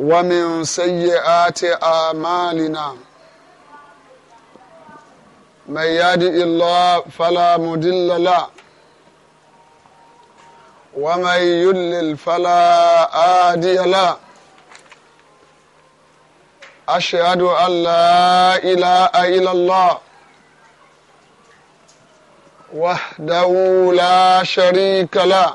ومن سيئات أعمالنا من يهدئ الله فلا مضل له ومن يضلل فلا هادي له أشهد أن لا إله إلا الله وحده لا شريك له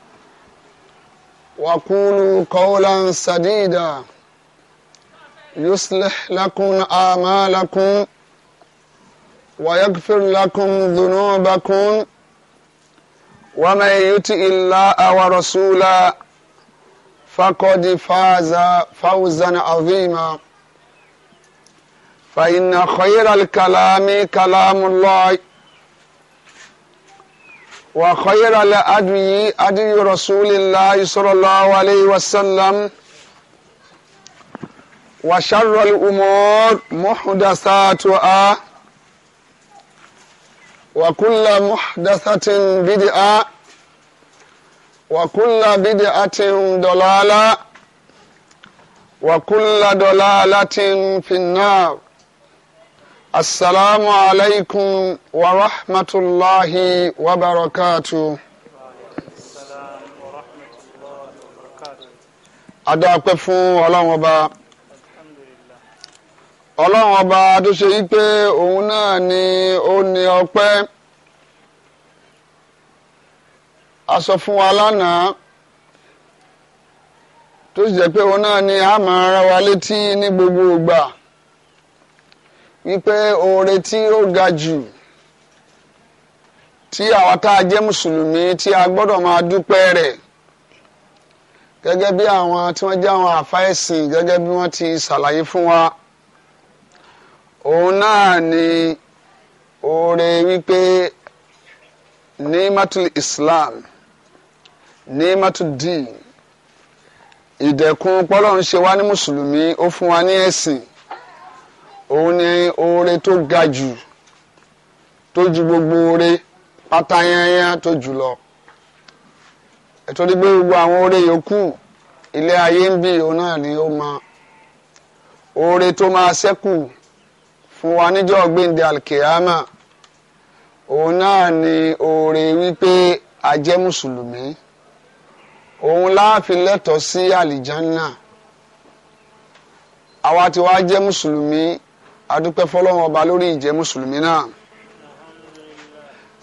وقولوا قولا سديدا يصلح لكم آمالكم ويغفر لكم ذنوبكم ومن يطع الله ورسوله فقد فاز فوزا عظيما فإن خير الكلام كلام الله وخير الأدوي أدوي رسول الله صلى الله عليه وسلم وشر الأمور محدثاتها وكل محدثة بدعة وكل بدعة ضلالة وكل ضلالة في النار Asalaamu alaikum wa rahmatullahi wa barakatuh. Adáàpẹ́ fún ọlọ́run ọba. Ọlọ́run ọba tó ṣe yí pé òun náà ni ó ní ọpẹ́. A sọ fún wa lánàá tó sì jẹ́ pé òun ni ha máa rán leti ni ní gbogbo ìgbà. wípé oore tí ó ga jù tí àwa tá a jẹ́ mùsùlùmí tí a gbọ́dọ̀ máa dúpẹ́ rẹ̀ gẹ́gẹ́ bí àwọn tí wọ́n jẹ́ àwọn àfa ẹ̀sìn gẹ́gẹ́ bí wọ́n ti ṣàlàyé fún wa òun náà ni oore wípé ní Islam ní matul dín ìdẹ̀kùn pọ́lọ́run ṣe wá ní mùsùlùmí ó fún wa ní ẹ̀sìn òun ni oore tó ga jù tó ju gbogbo oore pátáyányá tó jù lọ ẹ̀tọ́rí pé gbogbo àwọn oore yòókù ilé ayé ń bì òun náà ni ó mọ oore tó máa ṣẹ́kù fún wa níjọ́ gbẹ̀ǹdẹ̀ alkiyama òun náà ni oore wípé a jẹ́ mùsùlùmí òun láàfin lẹ́tọ̀ọ́ sí àlìjánná àwa tí wàá jẹ́ mùsùlùmí adúpẹ́ fọlọ́wọ́n ọba lórí ìjẹ́ mùsùlùmí náà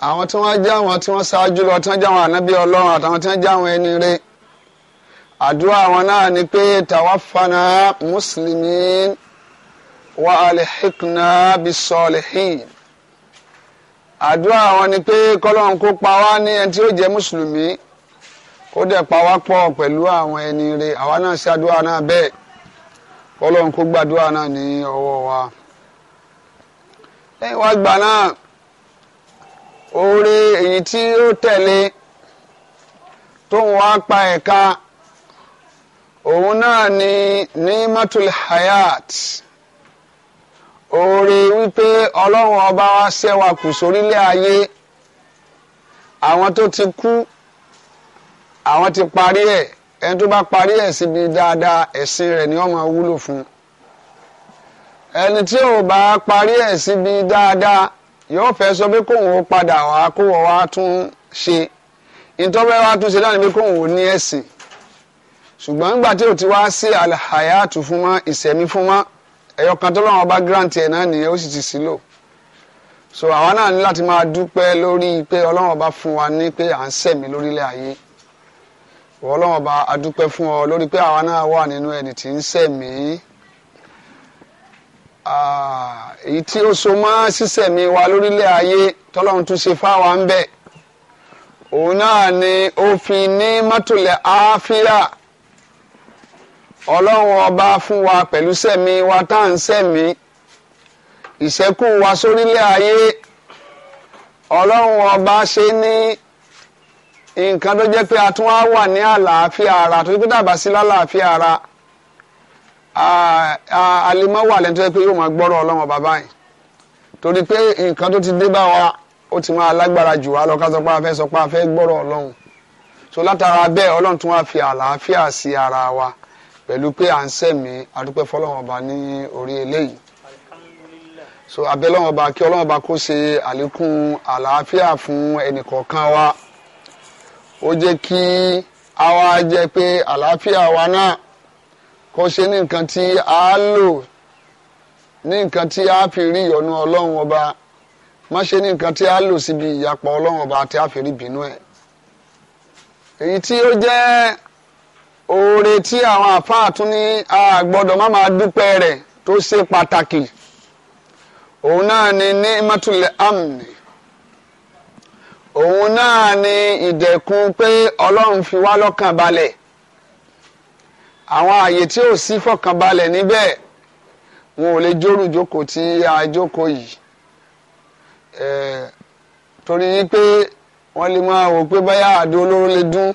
àwọn tí wọ́n jẹ́ àwọn tí wọ́n ṣáájú lọ tí wọ́n jẹ́ àwọn ànábì ọlọ́run àtàwọn tí wọ́n jẹ́ àwọn ẹni rẹ̀ àdúrà àwọn náà ni pé tawaffana muslimin wa alhiqna bisalihin àdúrà àwọn ni pé kọ́lọ́run kó pa wá ní ẹni tí ó jẹ́ mùsùlùmí kó dẹ̀ pa wá pọ̀ pẹ̀lú àwọn ẹni rẹ̀ àwa náà ṣàdúrà náà bẹ́ẹ̀ kọ́lọ́run kó gbàdúrà náà ní ọwọ́ wa lẹ́yìn wá gbà náà oore èyí tí ó tẹ̀lé tóun wá pa ẹ̀ka òun náà ni ní matul hayat oore wípé ọlọ́run ọba wa ṣẹ́wà kù sórílẹ̀ ayé àwọn tó ti kú àwọn ti parí ẹ̀ ẹni tó bá parí ẹ̀ síbi dáadáa ẹ̀sìn rẹ̀ ni wọ́n máa wúlò fún un ẹni tí ò bá parí ẹ̀ síbi dáadáa yóò fẹ́ sọ pé kóun ó padà wá kó wọ́n wá tún ṣe ìtọ́fẹ́ wá tún ṣe láti pé kóun ò ní ẹ̀sìn ṣùgbọ́n nígbà tí ò ti wá sí àlàyàtú fún mọ́ ìsẹ̀mí fún mọ́ ẹ̀yọ kan tó lọ́wọ́ bá grant ẹ̀ náà nìyẹn ó sì ti sílò so àwa náà ní láti máa dúpẹ́ lórí pé ọlọ́wọ́ bá fún wa ní pé à ń sẹ̀mí lórílẹ̀ ayé ọlọ́wọ́ bá adúpẹ́ fún ọ lórí pé àwa náà wà nínú ẹni tí ń sẹ̀mí Ah, èyí tí ó so mọ́ sísẹ̀mí wa lórílẹ̀ ayé tọ́lọ́run tún ṣe fáwa ń bẹ̀ òun náà ni ó fi ní mọ́tòlẹ̀ áfíà ọlọ́run ọba fún wa pẹ̀lú sẹ̀mí wa tá à ń sẹ̀mí ìṣẹ́kù wa sórílẹ̀ ayé ọlọ́run ọba ṣe ní nǹkan tó jẹ́ pé a tún wá wà ní àlàáfíà ara tó jẹ́ pé dàbà sí lálàáfíà ara alimọ wà lẹ́nu tó yẹ pé yóò máa gbọ́rọ̀ ọlọ́run ọba báyìí torí pé nǹkan tó ti dé bá wa ó ti máa lágbára jù wá lọ ká sọ pé a fẹ́ sọ pé a fẹ́ gbọ́rọ̀ ọlọ́run so látara bẹ́ẹ̀ ọlọ́run tún wá fi àlàáfíà sí ara wa pẹ̀lú pé à ń sẹ̀mí adúpẹ́ fọlọ́run ọba ní orí eléyìí so abẹ́lọ́run ọba kí ọlọ́run ọba kó ṣe àlékún àlàáfíà fún ẹnìkọ̀ọ̀kan wa ó jẹ́ kí a wá jẹ́ pé àlàáfíà wa náà kó ṣe ní nǹkan tí a lò ní nǹkan tí a fi rí ọlọ́run ọba má ṣe ní nǹkan tí a lò síbi ìyapa ọlọ́run ọba àti a fi rí bínú ẹ̀ èyí tí jẹ́ oore tí àwọn àfáà tún ní a gbọ́dọ̀ má máa dúpẹ́ rẹ̀ tó ṣe pàtàkì òun náà ni ní mọ́tòlẹ̀ òun náà ni ìdẹ̀kùn pé ọlọ́run fi wá lọ́kàn àwọn ààyè tí ò sí fọkànbalẹ̀ níbẹ̀ wọn ò lè jórù jókòó tí a jókòó yìí torí pé wọ́n lè máa wò pé báyà àdó olóró lè dún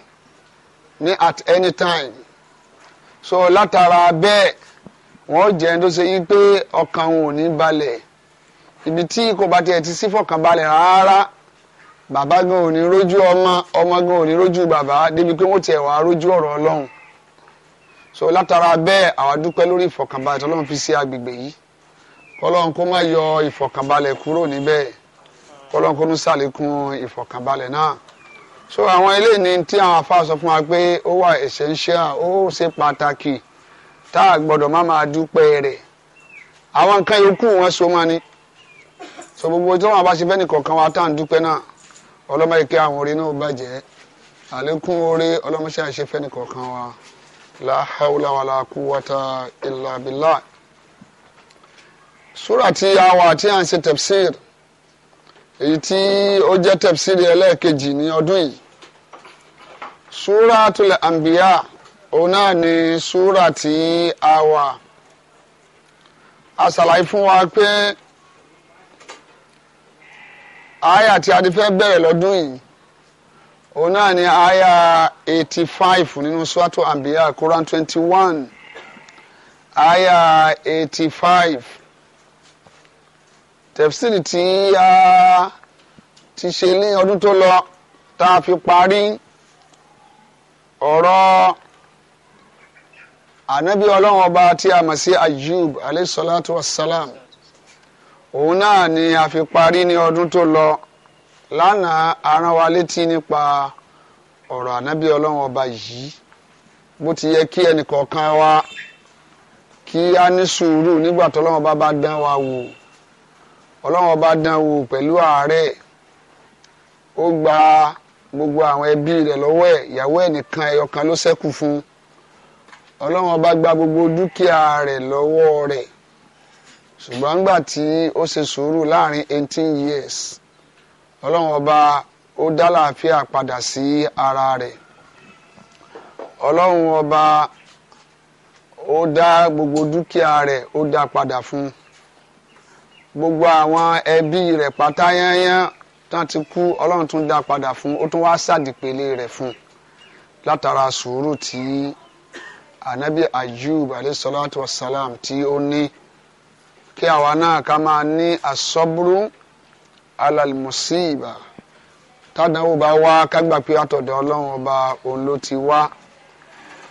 ní at any time so látara bẹ́ẹ̀ wọ́n jẹ́ tó ṣe yí pé ọkàn wọn ò ní balẹ̀ ibi tí kò bá tiẹ̀ ti sí fọkànbalẹ̀ rárá bàbá gan ò ní rójú ọmọ ọmọ gan ò ní rójú bàbá débi pé wọ́n tiẹ̀ wá rójú ọ̀rọ̀ ọlọ́run so látara bẹ́ẹ̀ àwa dúpẹ́ lórí ìfọ̀kànbalẹ̀ tó lọ́n fi sí agbègbè yìí kọ́lọ́n kó má yọ ìfọ̀kànbalẹ̀ kúrò níbẹ̀ kọ́lọ́n kó ń ṣàlékún ìfọ̀kànbalẹ̀ náà so àwọn eléyìí ni tí àwọn afá sọ fún wa pé ó wà essential ó ṣe pàtàkì tá a gbọ́dọ̀ má máa dúpẹ́ rẹ̀ àwọn nǹkan yòókù wọn so máa ní so gbogbo tí wọn bá ṣe fẹ́ nìkọ̀ọ̀kan wa tá à ń dúpẹ́ náà ọlọ́mọ ìkẹ́ àwọn orin náà bàjẹ́ àlékún oore ọlọ́mọṣẹ́ àṣefẹ́ nìkọ̀ọ̀kan wa la hawla wala quwwata illa billah sura tí a wà tí a ń ṣe tafsir èyí tí ó jẹ́ tafsir ẹlẹ́ẹ̀kejì ní ọdún yìí suratul anbiya òun náà ni sura tí a wà wa pé àyà tí a ti fẹ́ bẹ̀rẹ̀ lọ́dún yìí òun ni àyà eighty five nínú suwato ambiya Quran twenty one àyà eighty five tẹ̀fsìrì tí a ti ṣe ní ọdún tó lọ tá a fi parí ọ̀rọ̀ ànábì ọlọ́run ọba tí a mọ̀ sí ayub aleyhisalatu wasalam òun náà ni a fi parí ní ọdún tó lọ. lánàá arán wa létí nípa ọ̀rọ̀ ànábì ọlọ́run ọba yìí bó ti yẹ kí ẹnìkọ̀ọ̀kan wa kí a ní sùúrù nígbà tó ọlọ́run ọba bá dán wa wò ọlọ́run ọba dán wò pẹ̀lú àárẹ̀ ó gba gbogbo àwọn ẹbí rẹ lọ́wọ́ ẹ̀ ìyàwó ẹ̀ nìkan ẹyọkan ló ṣẹ́kù fún ọlọ́run ọba gba gbogbo dúkìá rẹ lọ́wọ́ rẹ̀ ṣùgbọ́n nígbà tí ó ṣe sùúrù láàrin eighteen years ọlọ́run ọba ó dá làáfíà padà sí ara rẹ̀ ọlọ́run ọba ó dá gbogbo dúkìá rẹ̀ ó dá padà fún gbogbo àwọn ẹbí rẹ̀ pátá yányán tán ti kú ọlọ́run tún dá padà fún ó tún wá sàdìpele rẹ̀ fún látara sùúrù tí anabi ayub alayhisalatu wasalam tí ó ní kí àwa náà ká máa ní asọ́búrú alalimusiba tádàwó bá wá kágbà pé àtọ̀dọ̀ ọlọ́run ọba òun ló ti wá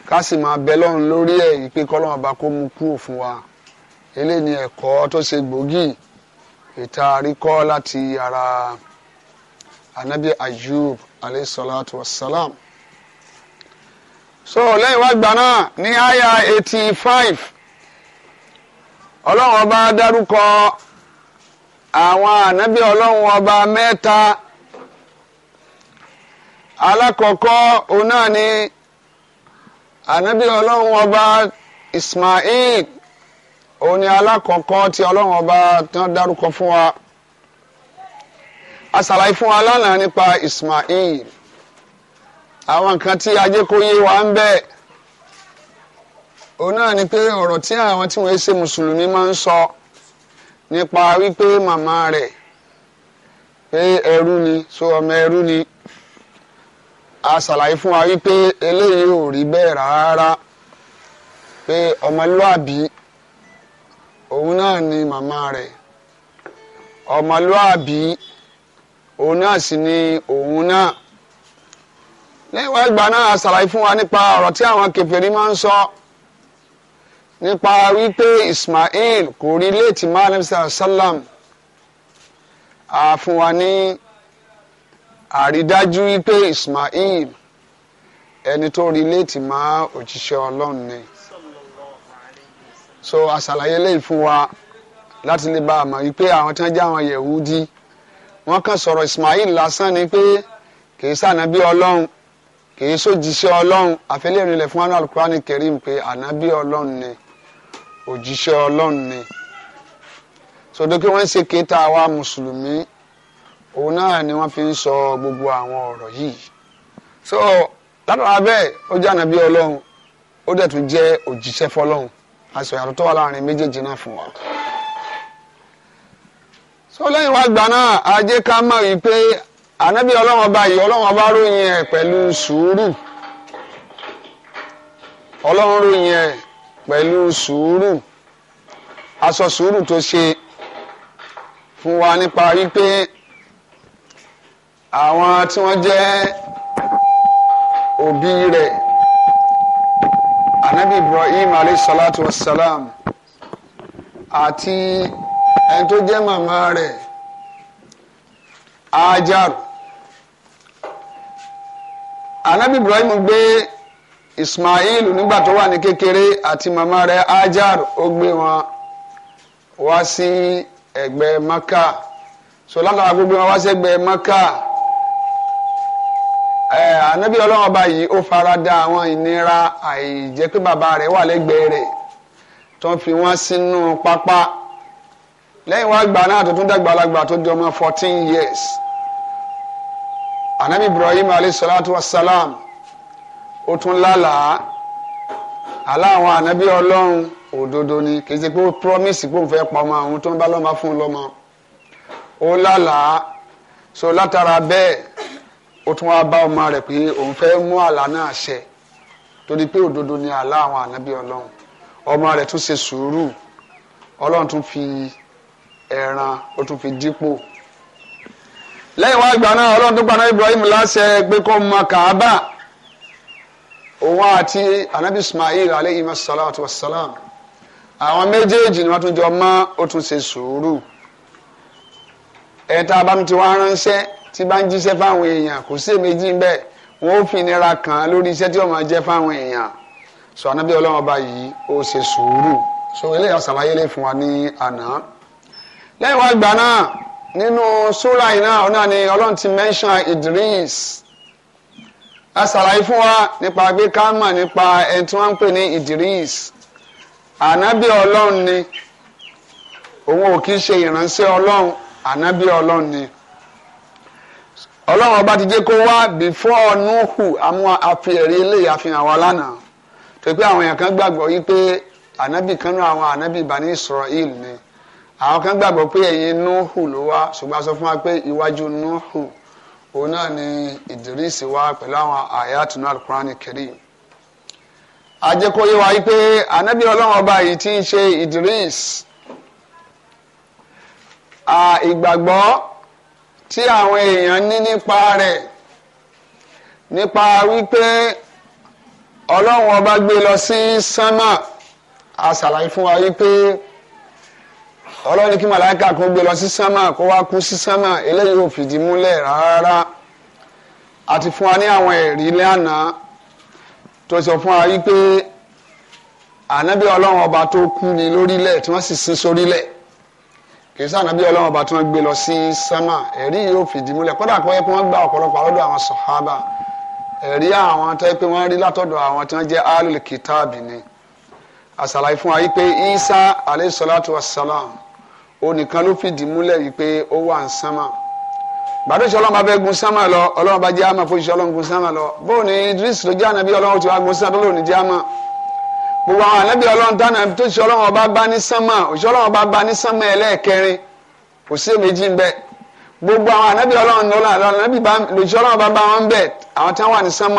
ká sì máa bẹ lọ́run lórí ẹ̀ ìpè kọ́lọ́run ọba kó mú kúrò fún wa eléyìí ẹ̀kọ́ tó ṣe gbòógì ìta àríkọ́ láti ara anabi ayub aleyhisalatu wasalam so lẹ́yìn wá gbà náà ní àyà eighty five ọlọ́run ọba dárúkọ àwọn ànábì ọlọ́run ọba mẹ́ta alákọ̀ọ́kọ́ òun náà ni ànábì ọlọ́run ọba Ismail òun ni alákọ̀ọ́kọ́ tí ọlọ́run ọba tán wọ́n dárúkọ fún wa a fún wa lánàá nípa Ismail àwọn nǹkan tí ajé kó yé wa ń bẹ òun náà ni pé ọ̀rọ̀ tí àwọn tí wọ́n ṣe mùsùlùmí máa ń sọ. So nípa wípé màmá rẹ̀ pé ẹrú ni so ọmọ ẹrú ni a ṣàlàyé fún wa wípé eléyìí ò rí bẹ́ẹ̀ rárá pé ọmọlúàbí òun náà ni màmá rẹ̀ ọmọlúàbí òun náà sì ni òun náà lẹ́yìn wá ìgbà náà a ṣàlàyé fún wa nípa ọ̀rọ̀ tí àwọn kèfèrí máa ń sọ. So, nípa wípé Ismail kò rí léètì máa ní sàlá wa ní àrídájú wípé Ismail ẹni tó rí léètì máa òjíṣẹ́ Ọlọ́run ni so àṣàlàyé lè fún wa láti lè bá a mọ̀ wípé àwọn tí wọ́n àwọn Yẹ̀húdí wọ́n kàn sọ̀rọ̀ Ismail lásán ni pé kìí sànábí Ọlọ́run kìí sójíṣẹ́ Ọlọ́run àfẹ́lẹ́rìn lẹ̀ fún wọn Al-Qur'ani pé ànábí Ọlọ́run ni òjíṣẹ́ ọlọ́run ni sọdọ́kí wọ́n ń ṣe kéta wa mùsùlùmí òun náà ni wọ́n fi ń sọ gbogbo àwọn ọ̀rọ̀ yìí so látara bẹ́ẹ̀ ó jẹ́ ànábí ọlọ́run ó dẹ̀ tún jẹ́ òjíṣẹ́ fọlọ́run aṣọ ìyàtọ̀ tó wà láàrin méjèèjì náà fún wa so lẹ́yìn wá gbà náà ajé ká mọ̀ wípé ànábí ọlọ́run ọba yìí ọlọ́run ọba ròyìn ẹ̀ pẹ̀lú sùúrù ọlọ́run ròyìn ẹ̀ pẹ̀lú sùúrù aṣọ sùúrù tó ṣe fún wa nípa wípé àwọn tí wọ́n jẹ́ òbí rẹ̀ anabi Ibrahim alayhi salatu salam àti ẹni tó jẹ́ màmá rẹ̀ Ajaru anabi Ibrahim gbé. Ismail nígbà tó wà ní kékeré àti màmá rẹ̀ Hajar ó gbé wọn wá sí ẹ̀gbẹ́ Maka so látara gbogbo wọn wá sí ẹ̀gbẹ́ Maka anabi ọlọ́run ọba yìí ó fara da àwọn ìnira àìjẹ́ pé bàbá rẹ̀ wà lẹ́gbẹ̀ẹ́ rẹ̀ tó ń fi wọ́n sínú pápá lẹ́yìn wá gbà náà tó tún dàgbà alágbà tó di ọmọ fourteen years anabi Ibrahim alayhi salatu wa salam ó tún lálàá àlá àwọn ànábí ọlọ́run òdodo ni kì í ṣe pé ó promise pé òun fẹ́ pa ọmọ àwọn tó ń bá lọ́mọ fún un lọ́mọ ó lálàá so látara bẹ́ẹ̀ ó tún wá bá ọmọ rẹ̀ pé òun fẹ́ mú àlá náà ṣẹ torí pé òdodo ni àlá àwọn ànábí ọlọ́run ọmọ rẹ̀ tún ṣe sùúrù ọlọ́run tún fi ẹran ó tún fi dípò lẹ́yìn wá gbà náà ọlọ́run tó gbaná Ibrahim láṣẹ pé kó mọ Kàábà òun àti anabi ismail aleyhi masalatu wasalam àwọn méjèèjì ni wọ́n tún jọ mọ́ ó tún ṣe sùúrù ẹ̀ta abámuti wa ránṣẹ́ tí bá ń jíṣẹ́ fáwọn èèyàn kò sí èméjì ń bẹ wọ́n ó fi ìnira kàn án lórí iṣẹ́ tí ó máa jẹ́ fáwọn èèyàn sọ anabi ọlọ́run ọba yìí ó ṣe sùúrù so eléyà sàlàyé lè fún wa ní àná lẹ́yìn wá gbà náà nínú súrà yìí náà ọ̀nà ni ọlọ́run ti mẹ́ńṣán Idris a ṣàlàyé fún wa nípa pé ká mọ̀ nípa ẹni tí wọ́n ń pè ní Idris ànábì ọlọ́run ni òun ò kí ń ṣe ìránṣẹ́ ọlọ́run ànábì ọlọ́run ni ọlọ́run ọba ti jẹ́ kó wá before nuhu àwọn àfihàn ilé àfihàn wa lánàá tó pé àwọn èèyàn kan gbàgbọ́ yí pé ànábì kan náà àwọn ànábì Bani Israel ni àwọn kan gbàgbọ́ pé ẹ̀yìn nuhu ló wá ṣùgbọ́n a sọ fún wa pé iwájú nuhu. No òun náà ni ìdírísì wa pẹ̀lú àwọn àyàtúnú alukurani karim ajẹ́kọ̀ọ́yé wa wípé ànábì ọlọ́run ọba yìí ti ń ṣe ìdírís ìgbàgbọ́ tí àwọn èèyàn ní nípa rẹ̀ nípa wípé ọlọ́run ọba gbé lọ sí sánmà a ṣàlàyé fún wa wípé. Si ọlọ́run ní kí màláìka kan gbé lọ sí sánmà kó wá kú sí sánmà eléyìí ò fìdí múlẹ̀ rárá àti fún wa ní àwọn ẹ̀rí lánàá tó sọ fún wa wípé ànábì ọlọ́run ọba tó kú ni lórílẹ̀ tí wọ́n sì sin sórílẹ̀ kì í sí ànábì ọlọ́run ọba tí wọ́n gbé lọ sí sánmà ẹ̀rí yìí ò fìdí múlẹ̀ kódà kó yẹ kí wọ́n gba ọ̀pọ̀lọpọ̀ àlọ́dọ̀ àwọn sàhábà ẹ̀rí àwọn tó yẹ pé wọ́n rí látọ̀dọ̀ àwọn tí wọ́n jẹ́ alul kìtáàbì ni àṣàlàyé fún wa yìí pé Isa alayhi salatu wassalam onìkan ló fìdí múlẹ̀ yìí pé ó wà ń sánmà gbàdó ìṣọ́ ọlọ́run bá fẹ́ gun sánmà lọ ọlọ́run bá jẹ́ àmà fún ìṣọ́ ọlọ́run gun sánmà lọ bóun ni Idris ló jẹ́ ànábì ọlọ́run tí wàá gun sánmà lóun ní jẹ́ àmà gbogbo àwọn ànábì ọlọ́run tánà tó ìṣọ́ ọlọ́run ọba bá ní sánmà ìṣọ́ ọlọ́run ọba bá ní sánmà ẹlẹ́ẹ̀kẹrin kò sí èméjì ń bẹ gbogbo àwọn ànábì ọlọ́run lọ́lọ́run ọlọ́run bá bá ọlọ́run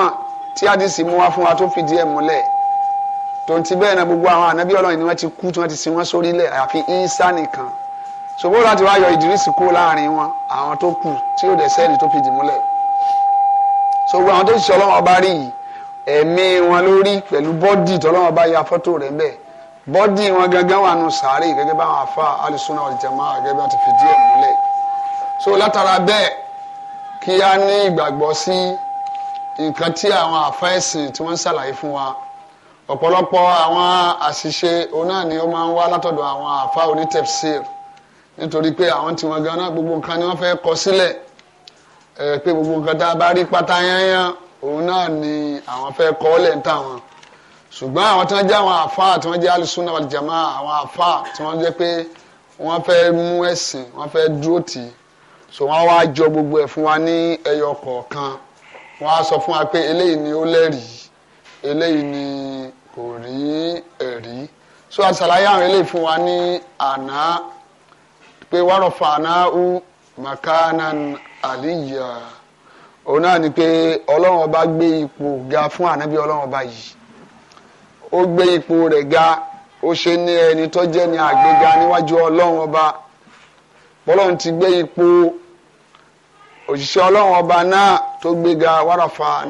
ni wọ́n ti ṣòwò láti wá yọ ìdírísì kó láàrin wọn àwọn tó kù tí yóò dẹ̀ sẹ́ni tó fìdí múlẹ̀ ṣòwò àwọn tó ṣiṣẹ́ ọlọ́wọ́n ọba rí yìí ẹ̀mí wọn lórí pẹ̀lú bọ́dì tọ́lọ́wọ́n ọba ya fọ́tò rẹ̀ ń bẹ̀ bọ́dì wọn gangan wà nù sàárè gẹ́gẹ́ bá àwọn afa alùsùnà ọ̀dìjàmá gẹ́gẹ́ bá ti fìdí ẹ̀ múlẹ̀ so látara bẹ́ẹ̀ kí á ní ìgbàgbọ́ sí nǹkan tí àwọn afa ẹ̀sìn tí wọ́n ń ṣàlàyé fún wa ọ̀pọ̀lọpọ̀ àwọn àṣìṣe òun náà ni ó máa ń wá látọ̀dọ̀ àwọn afa onítẹ̀fsíìrì nítorí pé àwọn tiwọn gan náà gbogbo nǹkan ni wọ́n fẹ́ kọ sílẹ̀ ẹ pé gbogbo nǹkan tá a bá rí pátá yányán òun náà ni àwọn fẹ́ kọ ọ lẹ̀ ń tà wọn ṣùgbọ́n àwọn tí wọ́n jẹ́ àwọn àfáà tí wọ́n jẹ́ alùsùnà àlùjàmá àwọn àfáà tí wọ́n jẹ́ pé wọ́n fẹ́ mú ẹ̀sìn wọ́n fẹ́ dúró tì í so wọ́n wá jọ gbogbo ẹ̀ fún wa ní ẹyọ kọ̀ọ̀kan wọ́n á sọ fún wa pé eléyìí ni ó lẹ́rìí eléyìí ni kò rí ẹ̀rí so àṣàlàyé àwọn eléyìí fún wa ní àná pé warafanahu makanan aliyya òun náà ni pé ọlọ́run ọba gbé ipò ga fún ànábì ọlọ́run ọba yìí ó gbé ipò rẹ̀ ga ó ṣe ní ẹni tó jẹ́ ní àgbéga níwájú ọlọ́run ọba bọ́lọ́run ti gbé ipò òṣìṣẹ́ ọlọ́run ọba náà tó gbéga ga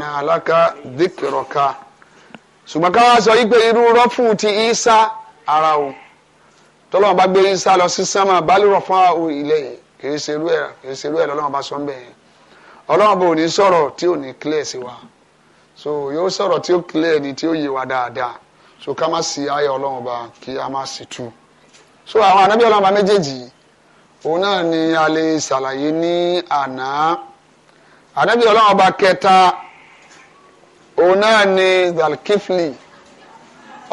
náà aláka dìkìrọ̀ka ṣùgbọ́n ká wá sọ wípé irú rọ́fù ti Ìsá ara o tọ́lọ́wọ́n bá gbé Ìsá lọ sí sánmà balùwọ̀ fún àwọn ilẹ̀ yìí kìí ṣerú ẹ̀ kìí ṣerú ẹ̀ lọ́lọ́wọ́n bá sọ ń bẹ̀ yẹn ọlọ́wọ́n bò ní sọ̀rọ̀ tí ò clear sí wa so yóò sọ̀rọ̀ tí ó clear ni tí ó yé wa dáadáa so ká má sí ayé ọlọ́wọ́n bá kí a má sì tú so àwọn ànábì ọlọ́wọ́n bá méjèèjì òun náà ni a lè ṣàlàyé ní àná ànábì ọlọ́wọ́n bá kẹta òun náà ni dalkifli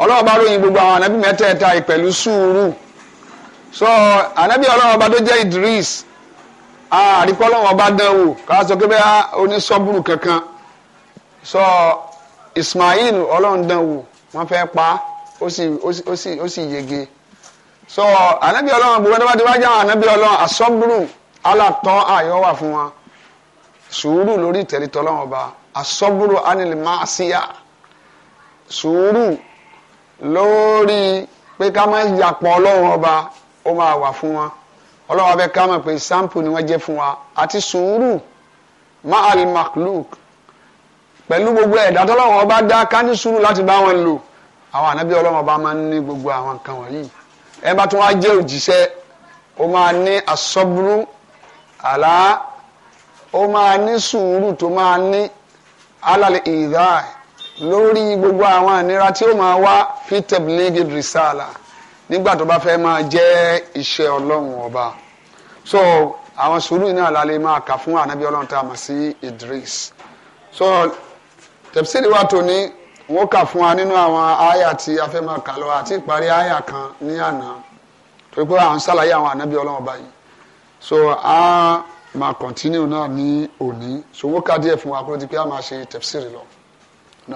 ọlọ́wọ́n bá ròyìn gbogbo àwọn ànábì mẹ́tẹ̀ẹ̀ta ìpẹ̀lú sùúrù so Anabi ọlọ́run ọba tó jẹ́ Idris àríkọ́ ọlọ́run ọba dán wò ká sọ pé oníṣọ́bùrù kankan so Ismail ọlọ́run dán wò wọ́n fẹ́ pa ó sì ó sì ó sì yege so Anabi ọlọ́run gbogbo ẹni wá ti wá jẹ́ àwọn ànábì ọlọ́run asọ́bùrù alàtọ́ àyọ̀ wà fún wa sùúrù lórí ìtẹ̀lẹ́tọ̀ ọlọ́run ọba asọ́bùrù anilmáṣíà sùúrù lórí pé ká má yàpọ̀ ọlọ́run ọba ó máa wà fún wọn ọlọ́wọ́ abẹ́ ká mọ̀ pé sampo ni wọ́n jẹ́ fún wa àti sùúrù ma'al makluk pẹ̀lú gbogbo ẹ̀dá tọ́lọ́wọ́ ọba dá ká ní sùúrù láti bá wọn lò àwọn ànábí ọlọ́wọ́ ọba máa ń ní gbogbo àwọn nǹkan wọ̀nyí ẹ bá tún wá jẹ́ òjíṣẹ́ ó máa ní asọ́búrú àlá ó máa ní sùúrù tó máa ní alàlẹ́ ìdá lórí gbogbo àwọn ìnira tí ó máa wá fi tablighi risala nígbà tó bá fẹ́ máa jẹ́ iṣẹ́ ọlọ́run ọba so àwọn sùúrù náà la lè máa kà fún ànábì ọlọ́run tá a mọ̀ sí Idris so tẹ̀síìlì wa tó ní wọ́n kà fún wa nínú àwọn àyà tí a fẹ́ máa kà lọ àti ìparí àyà kan ní àná tó pé à ń ṣàlàyé àwọn ànábì ọlọ́run ọba yìí so a máa continue náà ní òní so wọ́n kà díẹ̀ fún wa kó di pé a máa ṣe tẹ̀síìlì lọ. Na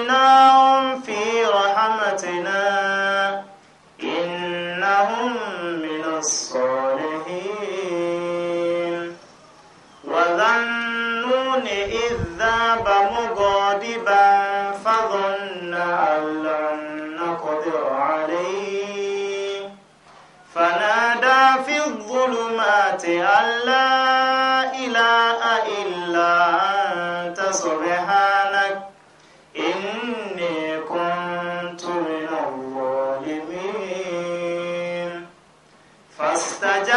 وأدخلناهم في رحمتنا إنهم من الصالحين وذنون إذ ذاب مغاضبا فظن أن لن نقدر عليه فنادى في الظلمات أن لا إله إلا أنت سبحانك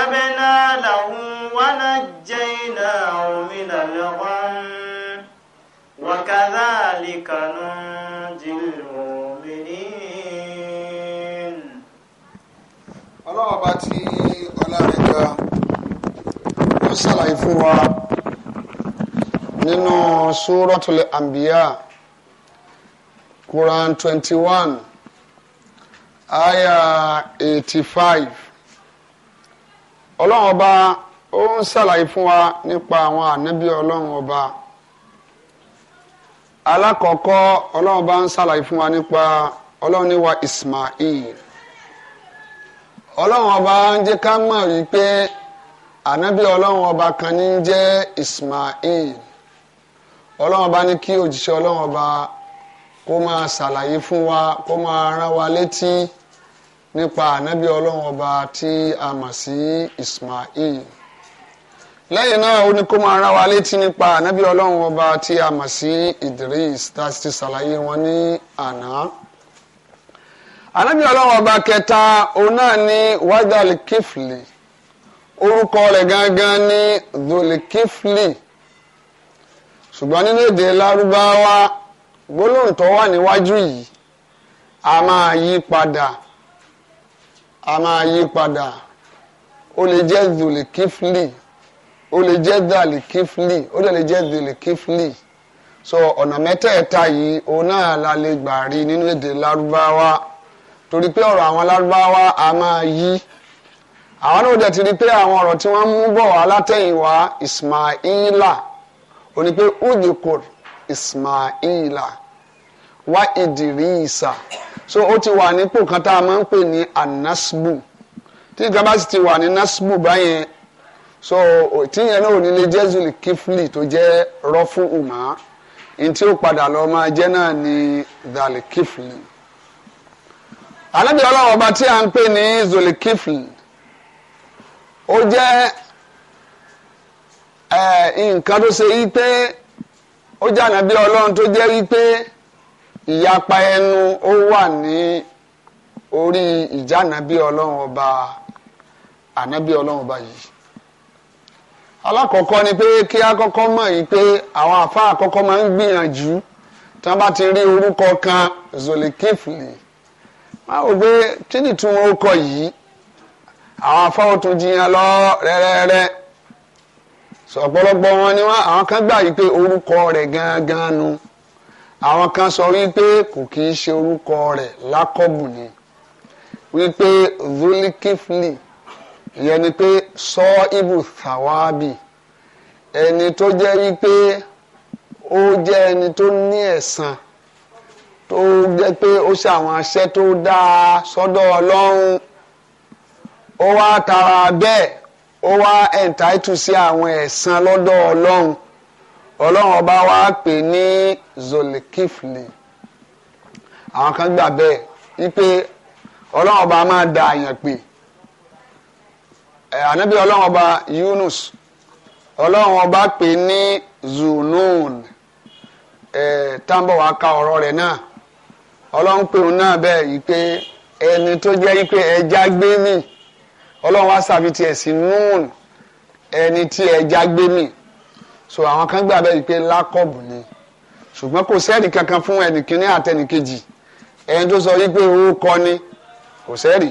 ووهبنا له ونجيناه من الغم وكذلك ننجي المؤمنين ọlọ́wọ́ bá ti ọlárẹ̀gá ó ṣàlàyé fún wa nínú Suratul Anbiya Quran twenty one aya eighty five. ọlọ́run ọba ó ń ṣàlàyé fún wa nípa àwọn ànábì ọlọ́run ọba alákọ̀ọ́kọ́ ọlọ́run ọba ń ṣàlàyé fún wa nípa ọlọ́run ní Ismail ọlọ́run ọba ń jẹ́ ká mọ̀ wípé ànábì ọlọ́run ọba kan ní jẹ́ Ismail ọlọ́run ọba ní kí òjíṣẹ́ ọlọ́run ọba kó máa ṣàlàyé fún wa kó máa rán wa létí. nípa ànábì ọlọ́run ọba tí a mọ̀ sí Ismail lẹ́yìn náà ó ní kó máa rán wa létí nípa ànábì ọlọ́run ọba tí a mọ̀ sí Idris tá a ti ṣàlàyé wọn ní àná ànábì ọlọ́run ọba kẹta òun náà ní wadal kifli orúkọ rẹ̀ gangan ní zolikifli ṣùgbọ́n nínú èdè lárúbáwá gbólóhùn tó wà níwájú yìí a máa yí padà a máa yí padà ó lè jẹ́ zòlè kífìlì ó lè jẹ́ dàlè kífìlì ó lè jẹ́ zòlè kífìlì so ọ̀nà mẹ́tẹ̀ẹ̀ta yìí òun náà la lè gbà rí nínú èdè lárúbáwá torí pé ọ̀rọ̀ àwọn lárúbáwá a máa yí àwọn náà dẹ̀ ti rí pé àwọn ọ̀rọ̀ tí wọ́n mú bọ̀ wá ismaila ó ní pé udukur ismaila wa idirisa so ó ti wà nípò kan tá a máa ń pè ní anasbu tí nǹkan bá sì ti wà ní nasbu báyẹn so tíyẹn náà ò ní lè zuli kifli tó je rọ́fún ùmá ní tí ó padà lọ máa jẹ́ náà ní zali kifli alábìyà ọlọ́wọ́ ọba tí a ń pè ní zuli kifli ó jẹ́ eh, nǹkan tó ṣe yí pé ó jẹ́ ànábìyà ọlọ́run tó jẹ́ yí pé. ìyapa ẹnu ó wà ní orí ìjà ànábì ọlọ́run ọba ànábì ọlọ́run ọba yìí alákọ̀ọ́kọ́ ni pé kí akọ́kọ́ mọ̀ yìí pé àwọn àfa àkọ́kọ́ máa ń gbìyànjú tí wọ́n bá ti rí orúkọ kan zolikifli máa wò lọ rẹ́rẹ́rẹ́ sọ̀pọ̀lọpọ̀ wọn ni àwọn kan gbà yìí pé orúkọ àwọn kan sọ wípé kò kì í ṣe orúkọ rẹ̀ lákọ́bù ni wípé zulikifli ìyẹn ni pé sọ ibù thawabi ẹni tó jẹ́ wípé ó jẹ́ ẹni tó ní ẹ̀san tó jẹ́ pé ó ṣe àwọn aṣẹ́ tó dáa sọ́dọ̀ ọlọ́run ó wá tara bẹ́ẹ̀ ó wá ẹ̀ǹtáìtù sí àwọn ẹ̀san lọ́dọ̀ ọlọ́run ọlọ́run ọba wa pè ní zolikifli àwọn kan gbà bẹ́ẹ̀ wípé ọlọ́run ọba máa da àyàn pè ẹ̀ ànábì ọlọ́run ọba Yunus ọlọ́run ọba pè ní zunun ẹ̀ táǹbọ̀ wàá ka ọ̀rọ̀ rẹ̀ náà ọlọ́run pè òun náà bẹ́ẹ̀ wípé ẹni tó jẹ́ wípé ẹja gbé mì ọlọ́run wá sàfitì ẹ̀ sí nun ẹni tí ẹja gbé mì so àwọn kan gbà bẹ́ẹ̀ pé lákọ̀bù ni ṣùgbọ́n kò sẹ́ẹ̀rì kankan fún ẹnìkíní àtẹnìkejì ẹni tó sọ wípé owó kọ́ ni kò sẹ́ẹ̀rì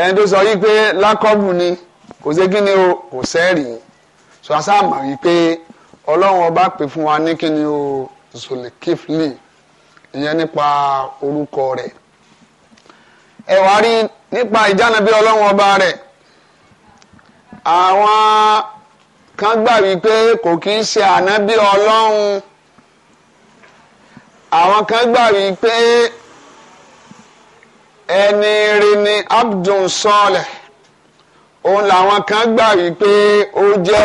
ẹni tó sọ wípé lákọ̀bù ni kò sí kí ni o kò sẹ́ẹ̀rì so asáàmà wípé ọlọ́run ọba pè fún wa ní kí ni o zolikifli ìyẹn nípa orúkọ rẹ̀ ẹ wá rí nípa ìjánabí ọlọ́run ọba rẹ̀ àwọn kán gbà wípé kò kí ń ṣe ànábì ọlọ́run àwọn kan gbà wípé ẹni rí abdul sọlẹ̀ òun làwọn kan gbà wípé ó jẹ́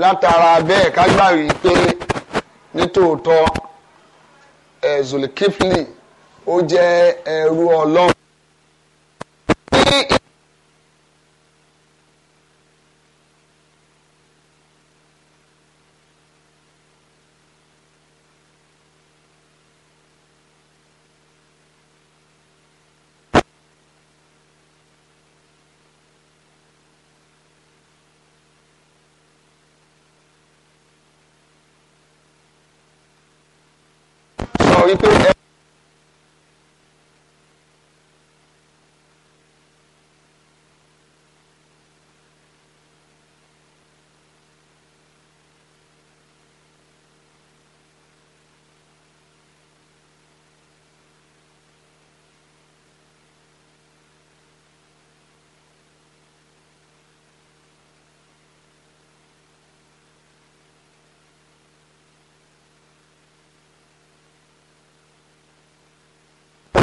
látara bẹ́ẹ̀ ká gbà rí i pé nítòótọ́ ẹ̀zùlùkífìlì eh, ó jẹ́ ẹrú ọlọ́run. Então, é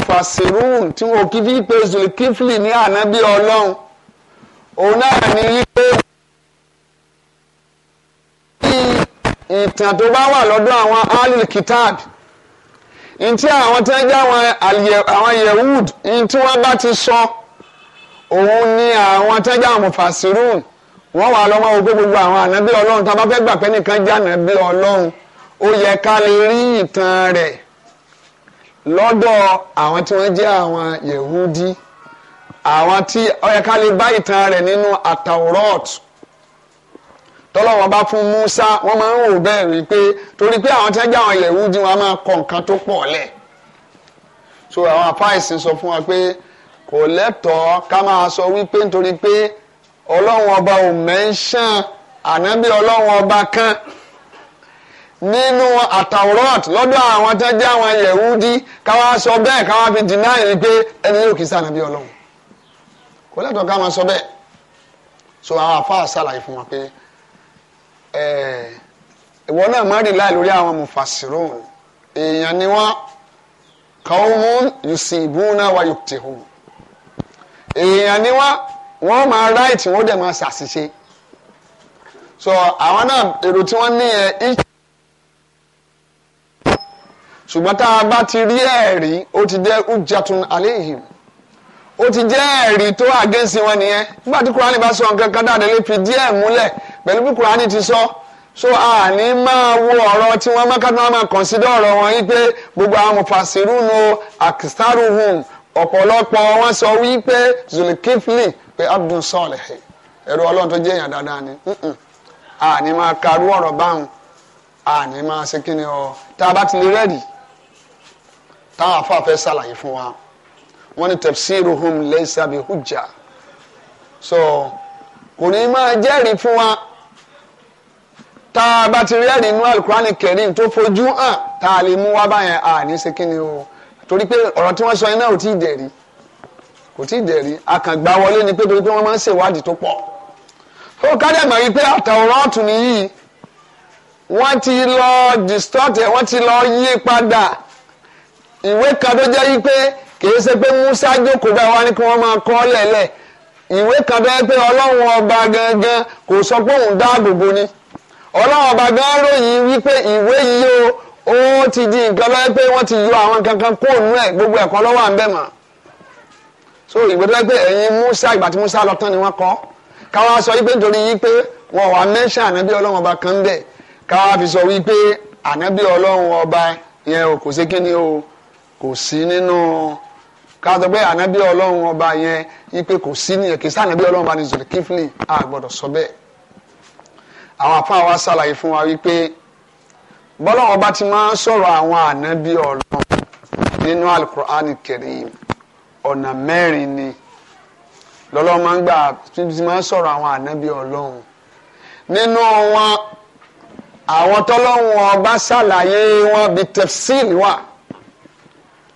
mufasirun tí wọn kì í fi pe zulkifli ní ànábì ọlọ́run òun náà ní wípé ìtàn tó bá wà lọ́dọ̀ àwọn alil kitab ntí àwọn tí wọ́n jẹ́ àwọn yehud ntí wọ́n bá ti sọ òun ni àwọn tí wọ́n jẹ́ àwọn mufasirun wọ́n wà lọ́mọ ogbó gbogbo àwọn ànábì ọlọ́run tá bá fẹ́ gbà pé nìkan jẹ́ ànábì ọlọ́run ó yẹ ká lè rí ìtàn rẹ̀ lọ́dọ̀ àwọn tí wọ́n jẹ́ àwọn yehudi àwọn tí ó yẹ ká lè bá ìtàn rẹ̀ nínú àtàwọ̀rọ̀t tọ́lọ́wọ́n bá fún Musa wọ́n máa ń rò bẹ́ẹ̀ rí pé torí pé àwọn tí wọ́n jẹ́ àwọn yehudi wọn máa kọ nǹkan tó pọ̀ lẹ̀ so àwọn àfáìsì sọ fún wa pé kò lẹ́tọ̀ọ́ ká máa sọ wípé nítorí pé ọlọ́run ọba ò mẹ́ńṣán ànábì ọlọ́run ọba kan nínú àtàwọ̀rọ̀t lọ́dọ̀ àwọn tó jẹ́ àwọn yẹ̀wúdí káwá sọ bẹ́ẹ̀ káwá fi dìnnáì ni pé ẹni yóò kì í sànàbí ọlọ́run kò lẹ́tọ̀ọ́ ká máa sọ bẹ́ẹ̀ so àwọn àfáà ṣàlàyé fún wa pé ìwọ náà má rí láì lórí àwọn mufasirun èèyàn ni wọn qawmun yusibuna wa yuktihun èèyàn ni wọn wọn máa ráìtì wọn dẹ̀ máa ṣàṣìṣe so àwọn náà èrò tí wọ́n ní yẹn ṣùgbọ́n tá a bá ti rí ẹ̀rí ó ti jẹ́ ujjatun aleihim ó ti jẹ́ ẹ̀rí tó àgẹ́sí wọn nìyẹn nígbà tí kúránì bá sọ nǹkan kan dáadé lè fi díẹ̀ múlẹ̀ pẹ̀lú bí kúránì ti sọ so àní máa wo ọ̀rọ̀ tí wọ́n máa kátó máa kọ̀nsídọ̀ ọ̀rọ̀ wọn wípé gbogbo àwọn mufasirun o akistaruhun ọ̀pọ̀lọpọ̀ wọn sọ wípé zulkifli pé abdul sọlẹ̀ ẹ̀rọ ọlọ́run tó jẹ́ èèyàn dáadáa ni àní máa karú ọ̀rọ̀ báwọn àní máa ṣe kí ọ tá a bá ti lè rẹ́ẹ̀dì táwọn afáfẹ́ ṣàlàyé fún wa wọ́n ní tafsiruhum laysa bi hujja so kò ní máa jẹ́rìí fún wa tá a bá ti rí ẹ̀rí inú alukurani kẹrin tó fojú hàn tá a lè mú wá báyẹn à ní ṣe kí ni o torí pé ọ̀rọ̀ tí wọ́n sọ yẹn náà ò tí ì dẹ̀rí kò tí ì dẹ̀rí akàngbà wọlé ni pé torí pé wọ́n máa ń ṣèwádìí tó pọ̀ ó kádà mọ̀ wípé àtàwọn ọ̀tún nìyí wọ́n ti lọ distort ẹ̀ wọ́n ti lọ yí padà ìwé kan tó jẹ́ yí pé kìí ṣe pé Musa jókòó báyìí wá ní kí wọ́n máa kọ́ lẹ̀lẹ̀ ìwé kan tó yẹ pé ọlọ́run ọba gangan kò sọ pé òun dáàbò ni ọlọ́run ọba gan ròyìn wípé ìwé yìí o ó ti di nǹkan lọ́yẹ́ pé wọ́n ti yọ àwọn kankan kó òun ẹ̀ gbogbo ẹ̀kọ́ lọ́wọ́ à ń bẹ̀ mọ́ so ìwé tó yẹ pé ẹ̀yin Musa ìgbà tí Musa lọ tán ni wọ́n kọ́ káwa sọ wípé nítorí wípé wọn wà mẹ́ṣẹ́ ànábí ọlọ́run ọba kan bẹ̀ káwa fi sọ wípé ànábí ọlọ́run ọba yẹn o kò ṣe kí o. kò sí nínú ká pé ọlọ́run ọba yẹn ipe kò sí ní kì sí ọlọ́run ọba ní Zulkifli a gbọ́dọ̀ sọ bẹ́ẹ̀ àwọn afọ wa ṣàlàyé fún wa wípé bọ́lọ́run ọba ti máa ń sọ̀rọ̀ àwọn ànábì ọlọ́run nínú ọ̀nà mẹ́rin ni lọ́lọ́run máa ń gbà máa ń sọ̀rọ̀ àwọn ọlọ́run nínú wọn àwọn tọ́lọ́run ọba ṣàlàyé wọn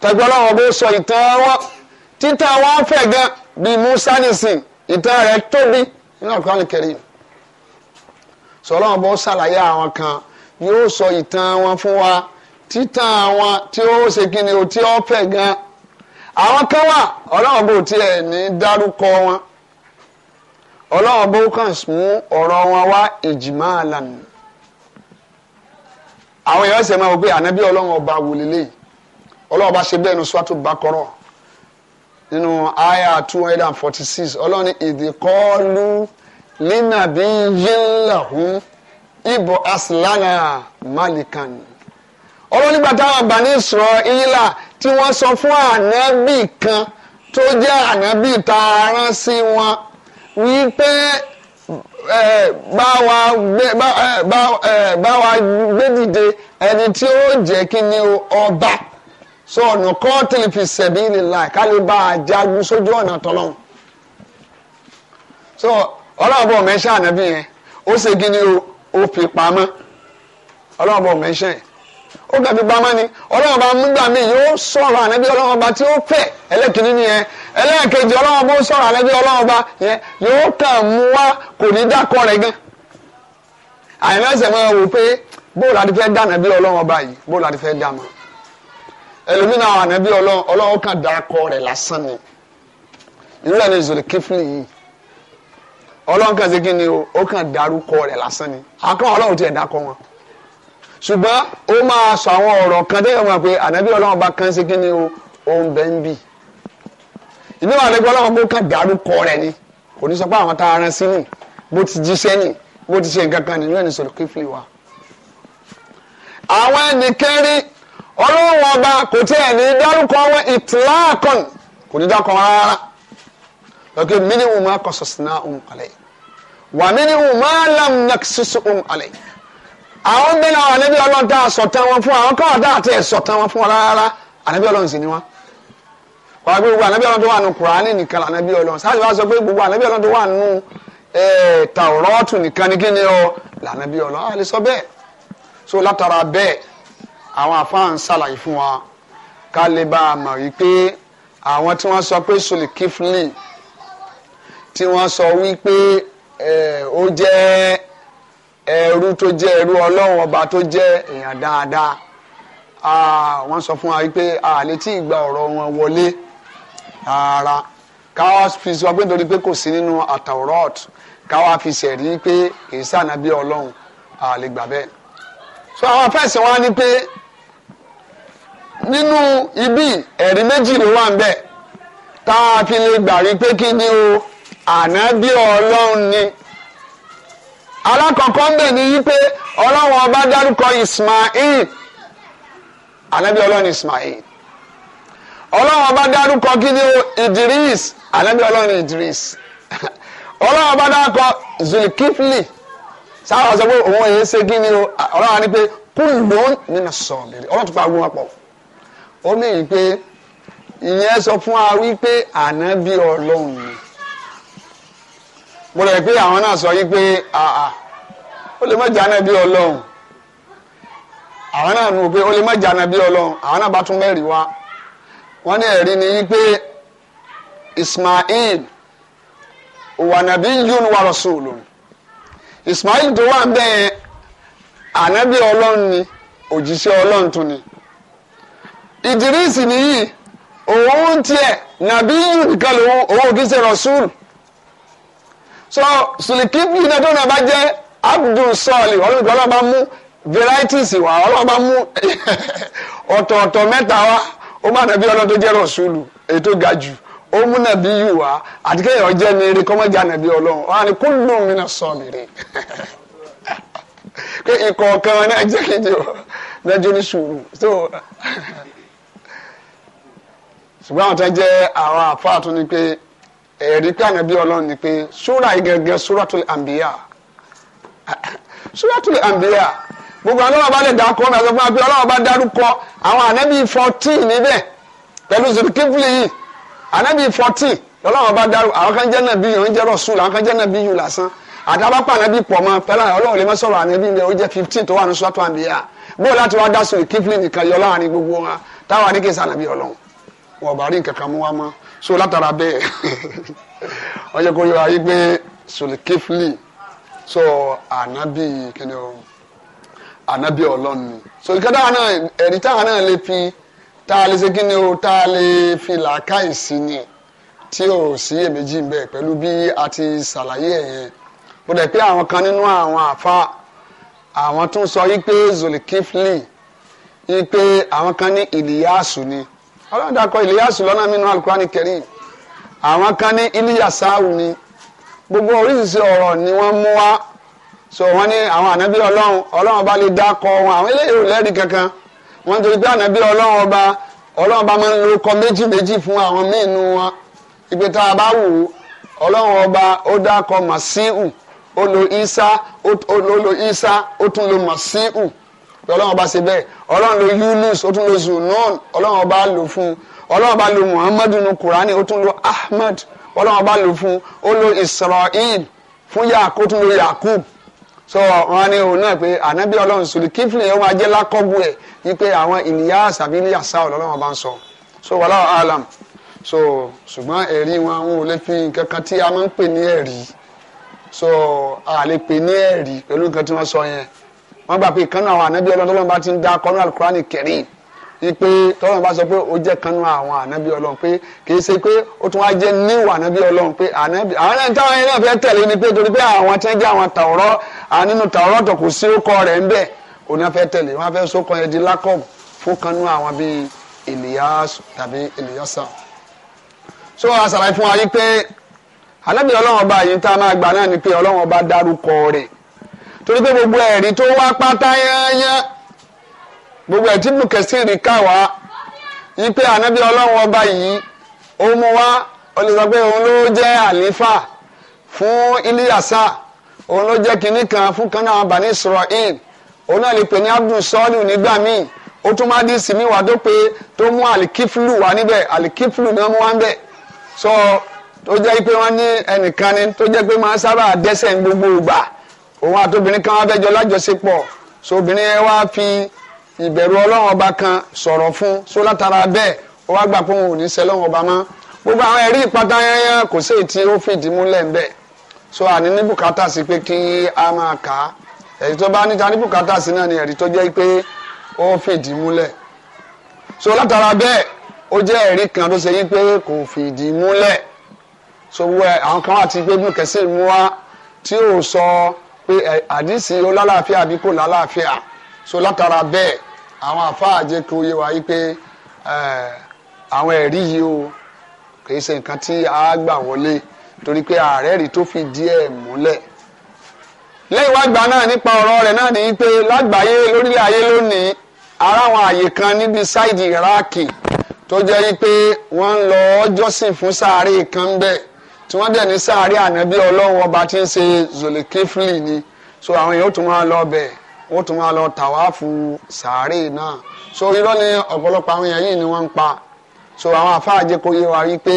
tẹ̀gbọ́n lọ́wọ́ bó sọ ìtàn wọn títàn wọn fẹ̀ gan bíi Musa nìsín ìtàn rẹ̀ tóbi nínú Al-Qur'an Karim sọlọ́wọ́ bó ṣàlàyé àwọn kan yóò sọ ìtàn wọn fún wa títàn wọn tí ó ṣe kí ni o tí ó fẹ̀ gan àwọn kan wà ọlọ́wọ́ bó tiẹ̀ ní dárúkọ wọn ọlọ́wọ́ bó kàn mú ọ̀rọ̀ wọn wá ijmalan àwọn èèyàn ṣe máa wọ pé ànábì ọlọ́wọ́ ọba wò lélẹ́yìí ọlọ́run bá ṣe bẹ́ẹ̀ nu swatu bakọ́rọ̀ nínú aya two hundred and forty six ọlọ́run ní ìdíkọ́lù lẹ́nàbí yẹ́lẹ̀hún ibò asilana malikan ọlọ́run nígbà táwọn bani Israila tí wọ́n sọ fún ànábì kan tó jẹ́ ànábì tá a rán sí wọn wípé bá gbé dìde ẹni tí ó jẹ́ kí ni ọba so nùkọ́ tìlìfì sẹ̀bí lìlá kálíbà jagun sójú ọ̀nà tọ́lọ́hún so ọlọ́run bọ̀ mẹ́ṣẹ́ ànábì yẹn ó ṣe gíní ó fi pamọ́ ọlọ́run bọ̀ mẹ́ṣẹ́ ó kàn fi pamọ́ ni ọlọ́run bá múgbà míì yóò sọ̀rọ̀ ànábì ọlọ́run bá tí ó fẹ́ ẹlẹ́kìnní nìyẹn ẹlẹ́ẹ̀kejì ọlọ́run bó sọ̀rọ̀ ànábì ọlọ́run bá yẹn yóò kàn mú wá kò ní dákọ̀ rẹ̀ gan àyìnbẹ́sẹ̀ mọ́ wò pé bóòlù àti fẹ́ dá ànábì ọlọ́run bá yìí bóòlù àti fẹ́ dá mọ́ ẹlòmínà àwọn ànábí ọlọ́run ọlọ́run kan dákọ rẹ̀ lásán ni ìrúlẹ̀ ní zòlè kífìlì yìí ọlọ́run kan ṣe kí ni o ó kàn dárúkọ rẹ̀ lásán ni àkàn ọlọ́run tiẹ̀ dákọ wọn ṣùgbọ́n ó máa sọ àwọn ọ̀rọ̀ kan tẹ́lẹ̀ mọ̀ pé ànábí ọlọ́run bá kan ṣe ni o òun bẹ́ ń bì ìdí wà lẹ́gbẹ́ ọlọ́run kó kàn dárúkọ rẹ̀ ni kò ní sọ pé àwọn tá a rán sí nì bó ti jíṣẹ́ nì bó ti ṣe nǹkan kan nìyẹn ní sọ̀rọ̀ kífìlì wa àwọn ẹnì kẹrin ọlọ́run ọba kò tiẹ̀ ní dárúkọ wọn ìtìláàkọ̀n kò ní dákọ̀ rárá lọ́kẹ́ mínímù máa kọ̀sọ̀ síná òun àlẹ́ wà mínímù máa làm nàkísísù òun àlẹ́ àwọn bẹ́ẹ̀ náà ànábì ọlọ́run tá a sọ̀tàn wọn fún àwọn káwọn dáa tẹ̀ sọ̀tàn wọn fún rárá ànábì ọlọ́run sì ni wọn. wàá gbé gbogbo ànábì ọlọ́run tó wà nù kùránì nìkan ànábì ọlọ́run sáà ti sọ pé gbogbo ànábì ọlọ́run tó wà nù tàwọ̀rọ̀tù nìkan ni kí ọ lànàbí so látara àwọn àfáà ń ṣàlàyé fún wa ká lè bá a mọ̀ wípé àwọn tí wọ́n sọ pé sọlì kífìlì tí wọ́n sọ wípé ó jẹ́ ẹrú tó jẹ́ ẹrú ọlọ́run ọba tó jẹ́ èèyàn dáadáa wọ́n sọ fún wa wípé àlè tí ìgbà ọ̀rọ̀ wọn wọlé rárá káwá fi sọ pé nítorí pé kò sí nínú àtàwọ̀rọ̀t káwá fi ṣẹ̀rí pé kì í sànà bí ọlọ́run àlè gbà bẹ́ẹ̀. sọ àwọn afẹ́sẹ̀ wọn á ní pé nínú ibi ẹ̀rí méjì ló wà ń bẹ̀ tá a fi lè gbà rí pé ni o ànábì ọlọ́run ni alákọ̀ọ́kọ́ ń bẹ̀ ní wípé ọlọ́run ọba dárúkọ Ismail ànábì ọlọ́run Ismail ọlọ́run ọba dárúkọ kí ni o Idris ànábì ọlọ́run Idris ọlọ́run ọba dárúkọ Zulkifli sáwọn sọ pé òun èyí ṣe kí ni o ọlọ́run á ní pé kúlùún nínú ó mìíràn pé ìyẹn sọ fún wa wípé ànábì ọlọ́run ni mo rẹ̀ pé àwọn náà sọ yí pé àà ó lè má jẹ́ ànábì ọlọ́run àwọn náà nù pé ó lè má jẹ́ ànábì ọlọ́run àwọn náà bá tún mẹ́rin wá wọ́n ní ẹ̀rí ni yí pé Ismail wà nàbí yún wa rasulun Ismail tó wà ń bẹ́ẹ̀ ànábì ọlọ́run ni òjíṣẹ́ ọlọ́run tún ni ìdírísì nìyí òun tiẹ̀ nàbí yìí nìkan òun ṣe so sùlìkìbì náà tó náà bá jẹ́ abdul sọ́ọ̀lì ọlọ́dún ọlọ́ba mú varieties wa ọlọ́ba mú ọ̀tọ̀ọ̀tọ̀ mẹ́ta wa ó má nàbí ọlọ́dún tó jẹ́ ga jù ó mú nàbí yìí wá àti kéèyàn jẹ́ ní eré kọ́mọ́jà nàbí ọlọ́run wọn ni kúndùn mi náà sọ́ọ̀lì rẹ̀ pé ikọ̀ ọ̀kan náà jẹ́ ṣùgbọ́n àwọn tó jẹ́ àwọn àfáà tó ní pé ẹ̀rí pé ànábì ọlọ́run ni pé súrà yìí gẹ́gẹ́ súràtul àǹbíyà súràtul àǹbíyà gbogbo àwọn ọlọ́wọ́ bá lè dákọ́ ọ̀nà àti fúnra pé ọlọ́wọ́ bá dárúkọ àwọn ànábì fourteen níbẹ̀ pẹ̀lú zulkifli yìí ànábì fourteen lọ́wọ́ bá dárúkọ àwọn kan jẹ́ nàbí yìí wọ́n jẹ́ rọ̀ṣùl àwọn kan jẹ́ nàbí yìí lásán àtàbápà ànábì pọ̀ mọ́ pẹ̀lú ọlọ́wọ́ lè má sọ̀rọ̀ ànábì rẹ̀ fifteen tó wà ní súràtul àǹbíyà bóò láti wá dá zulkifli nìkan yọ láàrin gbogbo wọn táwọn adé kèsà ànábì ọlọ́run wọn bá rí nǹkan kan mú wá mọ́ so látara bẹ́ẹ̀ wọ́n yẹ kó yọ ayé gbé solikifili so ànábì kẹ́ni o ànábì ọlọ́run ni so ìkẹ́dá náà ẹ̀rí táwọn náà lè fi tá a lè ṣe kí ni o tá a lè fi làákàyè sí ni tí o sí èméjì ń bẹ pẹ̀lú bí a ti ṣàlàyé ẹ̀ yẹn mo dẹ̀ pé àwọn kan nínú àwọn àfa àwọn tún sọ yí pé zolikifili yí pé àwọn kan ní ìlíyàsù ni ọlọ́run dàkọ ìlíyàsù lọ́nà mínú alukurani kẹrin àwọn kan ní ìlíyàsáwù ni gbogbo oríṣiríṣi ọ̀rọ̀ ni wọ́n mú wá so wọ́n ní àwọn ànábí ọlọ́run ọlọ́run bá lè dákọ wọn àwọn eléyìí ò lẹ́rìí kankan wọ́n torí pé ànábí ọlọ́run ọba ọlọ́run bá máa ń lo kọ méjì méjì fún àwọn míì nu wọn ìpè tá a bá wù ú ọlọ́run ọba ó dákọ màsíhù ó lo ìsá ó tún lo màsíhù pé ọlọ́run ọba ṣe bẹ́ẹ̀ ọlọ́run lo yunus ó tún lo zunon ọlọ́run ọba lò fún un ọlọ́run ọba lo muhammadu nu kurani ó tún lo ahmed ọlọ́run ọba lò fún un ó lo israel fún yaakub ó tún lo yakub so wọn ní òun náà pé ànábì ọlọ́run sùn kífìlì yẹn wọn ajẹ́ lákọ́bù ẹ̀ wípé àwọn ìníyà sàbí ìníyà sáà ọlọ́run ọba ń sọ so wàhálà alam so ṣùgbọ́n ẹ̀rí wọn àwọn ò lè fi nǹkan kan tí a máa ń pè ní ẹ̀rí so a lè pè ní ẹ̀rí pẹ̀lú nǹkan tí wọ́n sọ yẹn wọ́n gbà pé ìkànnì àwọn ànábì ọlọ́run tọ́lọ́run bá ti ń dá kọ́nú alukurani kẹrin ni pé tọ́lọ́run bá sọ pé ó jẹ́ kánú àwọn ànábì ọlọ́run pé kì í ṣe pé ó tún wá jẹ́ níwà ànábì ọlọ́run pé ànábì àwọn ẹni táwọn ẹni náà fẹ́ tẹ̀lé ni pé torí pé àwọn tí wọ́n jẹ́ àwọn tàwọ́rọ́ àwọn nínú tàwọ́rọ́ tó kù sí ókọ rẹ̀ ń bẹ̀ òní wọ́n fẹ́ tẹ̀lé wọ́n fẹ́ sókọ yẹn di lákọ̀bù fún kánú àwọn bíi Ìlíyásù tàbí Ìlíyásà so àṣàlàyé fún wa yí pé ànábì ọlọ́run ọba yìí tá a máa gbà náà ni pé ọlọ́run ọba dárúkọ rẹ̀ torí pé gbogbo ẹ̀rí tó wá pátá yányán gbogbo ẹ̀ tí bùkẹ́sì rí kà wá yí pé ànábì ọlọ́run ọba yìí ó mú wá ó lè sọ pé òun ló jẹ́ àlífà fún Ilyasa òun ló jẹ́ kinní kan fún kan náà Bani Israel òun náà lè pè ní Abdul sọ́ọ̀lù nígbà míì ó tún máa dín sí mi wá tó pé tó mú alikiflu wá níbẹ̀ alikiflu náà mú wá ń bẹ̀ sọ tó jẹ́ pé wọ́n ní ẹnìkan ni tó jẹ́ pé máa sábà dẹ́ṣẹ̀ ń gbogbo ìgbà òun àtòbìnrin kan wá fẹ́ jọ lájọṣepọ̀ so obìnrin yẹn wá fi ìbẹ̀rù ọlọ́run ọba kan sọ̀rọ̀ fún so látara bẹ́ẹ̀ ó wá gbà pé òun ò ní ṣe lọ́run ọba mọ́ gbogbo àwọn ẹ̀rí ìpátá yẹn kò sí èyí tí ó fìdí múlẹ̀ ńbẹ̀ so àní ní bùkátà sí pé kí a máa kà á ẹ̀rí tó bá níta ní bùkátà sí náà ni ẹ̀rí tó jẹ́ pé ó fìdí múlẹ̀ so látara bẹ́ẹ̀ ó jẹ́ ẹ̀rí kan tó ṣe yí pé kò fìdí múlẹ̀ so wọ àwọn kan wà tí pé kẹsì mú wá tí ò sọ. So, pé àdìsí ó lálàáfíà àbí kò lálàáfíà so látara bẹ́ẹ̀ àwọn àfáà jẹ́ kí ó yé wa yìí pé àwọn ẹ̀rí yìí o kì í ṣe nǹkan tí a gbà wọlé torí pé ààrẹ rí tó fi díẹ̀ múlẹ̀ lẹ́yìn wá gbà náà nípa ọ̀rọ̀ rẹ̀ náà ní pé lágbàáyé lórílẹ̀ ayé lónìí ara àwọn àyè kan níbi sáìdì Iraki tó jẹ́ wípé wọ́n ń lọ ọjọ́sìn fún sáré kan bẹ́ẹ̀ tí wọ́n dẹ̀ ní sáré ànábí ọlọ́run ọba tí ń ṣe zolikifili ni so àwọn èèyàn ó tún máa lọ bẹ̀ wọ́n tún máa lọ tàwáàfù sáré náà so irọ́ ni ọ̀pọ̀lọpọ̀ àwọn èèyàn yìí ni wọ́n ń pa so àwọn àfáàjẹ kò yé wa rí pé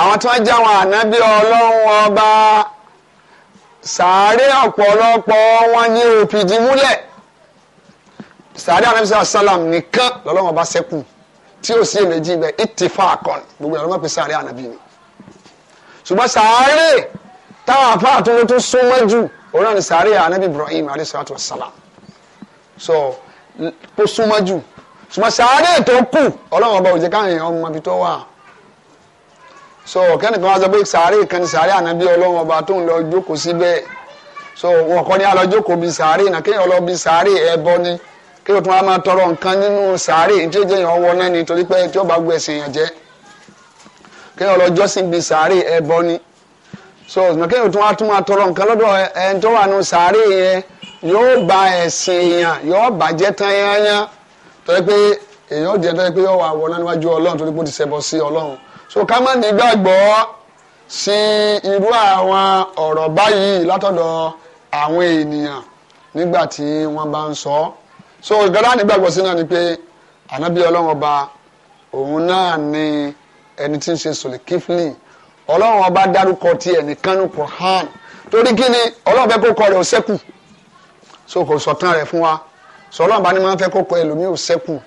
àwọn tí wọ́n jẹ́ àwọn ànábí ọlọ́run ọba sáré ọ̀pọ̀lọpọ̀ wọn ní òpìdí múlẹ̀ sáré ànábí sàlám nìkan lọ́lọ́run ọba sẹ́kù tí ò sí èméjì bẹ́ẹ̀ ìtìfà kan gbogbo ẹ̀rọ mọ̀ pé sáré ànábí ni ṣùgbọ́n sàárè táwọn apá àtúntò tó súnmọ́ jù òun náà ni sàárè anabi ibrahim alayhisalatu wasalam so tó súnmọ́ jù ṣùgbọ́n sàárè tó kù ọlọ́run ọba òjẹ́ káwọn èèyàn ọmọ ibi tó wà so kẹ́nìkan wá sọ pé sàárè kan ni sàárè anabi ọlọ́run ọba tó ń lọ jókòó síbẹ̀ so wọn kọ́ ni alọ́jókòó bíi sàárè náà kéèyàn lọ bíi sàárè ẹbọ ni kéèyàn tún wá máa tọrọ nǹkan nínú sàárè ní tí ó jẹ́ èèyàn náà ni torí pé tí ó bá gbẹ̀sìn èèyàn jẹ́ kéèyàn lọ jọ́sìn bíi sàárè ẹbọ ni so ṣùgbọ́n kéèyàn tún wá tún máa tọrọ nǹkan lọ́dọ̀ ẹni tó wà nù sàárè yẹn yóò ba ẹ̀sìn èèyàn yóò bàjẹ́ tán yányán torí pé èèyàn jẹ́ torí pé yóò wà wọ́n níwájú ọlọ́run torí pé ó ti ṣẹbọ sí ọlọ́run so ká má nígbàgbọ́ sí irú àwọn ọ̀rọ̀ báyìí látọ̀dọ̀ àwọn ènìyàn nígbà tí wọ́n bá ń sọ so ìgbàlá nígbàgbọ́ sí náà ni pé ànábì ọlọ́run ọba òun náà ni. ẹni tí ń ṣe kífìlì ọlọ́run ọba dárúkọ ti nìkan ní torí kí ni ọlọ́run fẹ́ kó kọ rẹ̀ ó so kò sọ̀tàn rẹ fún wa sọ ọlọ́run bá ní máa ń kó kọ ẹlòmíì ó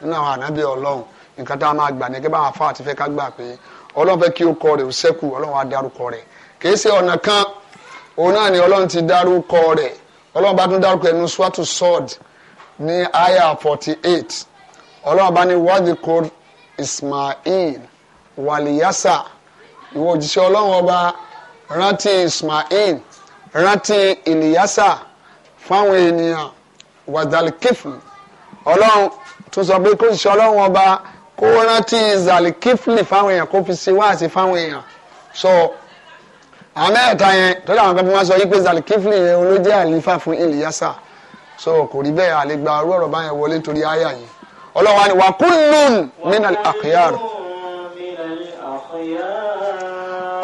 nínú àwọn ànábì nǹkan tá a máa ti fẹ́ ká gbà pé ọlọ́run fẹ́ kí ó kọ rẹ ọlọ́run wa dárúkọ rẹ̀ Waliyasa, ìwọ òjíṣẹ́ ọlọ́run ọba rántí ismail rántí ìlíyásà fáwọn ènìyàn wàzàlìkìfù ọlọ́run tún sọ pé kó òjíṣẹ́ ọlọ́run ọba kó rántí zàlìkìfù fáwọn èèyàn kó fi sí wáàsí fáwọn èèyàn sọ àwọn mẹ́ta yẹn tọ́jú àwọn kan máa sọ yí pé zàlìkìfù yẹn ló àlífà fún ìlíyásà so kò rí bẹ́ẹ̀ àlegbà orú ọ̀rọ̀ báyẹn wọlé torí àyà yìí ọlọ́run wa ni wàkúndùn mí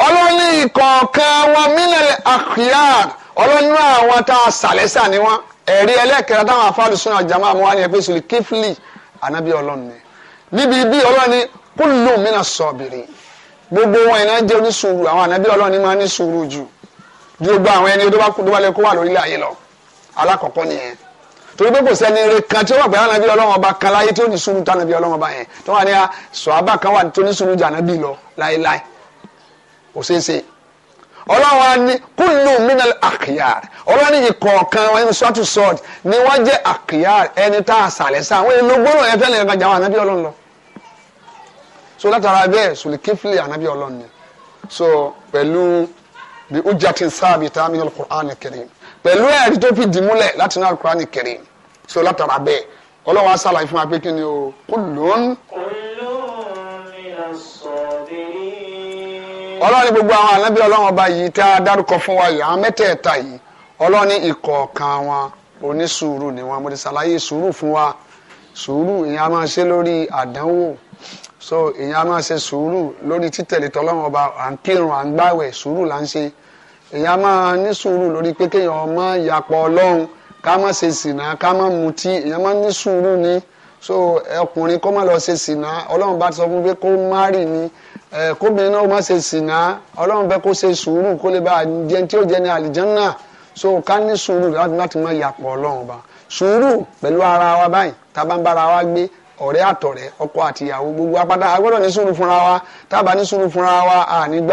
ọlọ́ni ìkọ̀ọ̀kan wọn mílẹ̀ àkìyàn ọlọ́nú àwọn tá a sàlẹ́sà ni wọn ẹ̀rí ẹlẹ́kẹ̀rẹ́ táwọn afáàlù súnà jama àwọn àyẹ̀ pé kífìlì ànábì ọlọ́ni níbi bí ọlọ́ni kúlù mí náà gbogbo wọn iná jẹ́ àwọn ànábì torí pé kò sẹ́ni rẹ kan tí ó wà pé ànábì ọlọ́run ọba kan láyé tó ní sùúrù tànábì ọlọ́run ọba yẹn tó wà ní sọ̀hábà kan wà tó ní sùúrù jù lọ láéláé kò ṣeé ṣe ọlọ́run kúlù mínal àkìyàr ọlọ́run yìí kọ̀ọ̀kan wọn ní sọ́tù sọ́ọ̀t ni wọ́n jẹ́ àkìyàr ẹni tá a sàlẹ̀ sá àwọn èlò gbọ́dọ̀ yẹn tẹ́lẹ̀ ẹ̀ka jàwọn ànábì ọlọ́run lọ so látara bẹ́ẹ̀ sùlìkífìlì ànábì ọlọ́run ni so pẹ̀lú bí ó jẹ́ àti sáàbì tá a mi ní al-Qur'an pẹ̀lú ẹ̀rí tó fìdí múlẹ̀ láti náà Al-Qur'ani Karim so látara bẹ́ẹ̀ ọlọ́wọ́ aṣáláyé fún wa pé kí ni o kullun. ọlọ́run ní gbogbo àwọn ànábì ọlọ́run ọba yìí tá a dárúkọ fún wa yìí àwọn mẹ́tẹ̀ẹ̀ta yìí ọlọ́run ní ìkọ̀ọ̀kan wọn onísùúrù ni wọn mo ti ṣàlàyé sùúrù fún wa sùúrù ìyẹn a máa ṣe lórí àdánwò so ìyẹn a máa ṣe sùúrù lórí títẹ̀lé tọ́lọ́run ọba à ń kírun à ń gbàwẹ̀ sùúrù là ń ṣe èèyàn máa ní sùúrù lórí pé kéèyàn má yàpọ̀ ọlọ́run ká má ṣe sìnà ká má mutí èèyàn má ní sùúrù ni so ọkùnrin kó má lọ ṣe sìnà ọlọ́run bá sọ fún pé kó má rì ni kóbìnrin náà má ṣe sìnà ọlọ́run kó ṣe sùúrù kó lè bá so ká ní sùúrù láti má yàpọ̀ ọlọ́run bá sùúrù pẹ̀lú ara wa báyìí tá a bá ń bára wa gbé ọ̀rẹ́ àtọ̀rẹ́ ọkọ gbogbo apáta a ní sùúrù fúnra wa tá a bá ní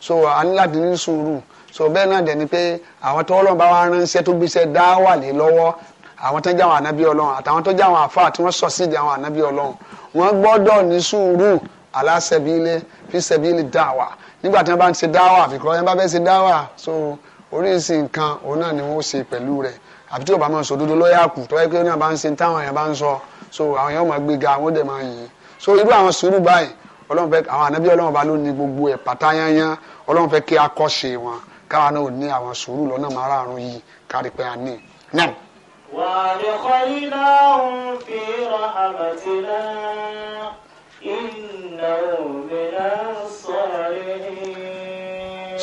so a ni suru so bẹ́ẹ̀ náà dẹ̀ ni pé àwọn tó ọlọ́run bá wá ránṣẹ́ tó gbéṣẹ́ dá wà lé lọ́wọ́ àwọn tó jẹ́ àwọn ànábí ọlọ́run àtàwọn tó jẹ́ àwọn àfáà tí wọ́n sọ sí ìjà àwọn ànábí ọlọ́run wọ́n gbọ́dọ̀ ní sùúrù aláṣẹbílẹ̀ fi ṣẹbílẹ̀ dáwà nígbà tí wọ́n bá ń ṣe dáwà àfikọ́ ẹ bá fẹ́ ṣe dáwà so oríṣi nǹkan òun náà ni wọ́n ṣe pẹ̀lú rẹ̀ àfi tí yóò bá máa sọ òdodo lọ́yà kù tọ́wọ́ pé náà bá ń ṣe so àwọn èèyàn máa gbéga àwọn so irú àwọn sùúrù báyìí ọlọ́run fẹ́ àwọn ànábí ọlọ́run bá ló ní gbogbo ọlọ́run fẹ́ kí a kọ́ ṣe wọn káwa náà ní àwọn sùúrù lọ́nà márààrún yìí kárí pé a ní. náà. وَأَدْخَلْنَاهُمْ فِي رَحْمَتِنَا إِنَّهُ مِنَ الصَّالِحِينَ.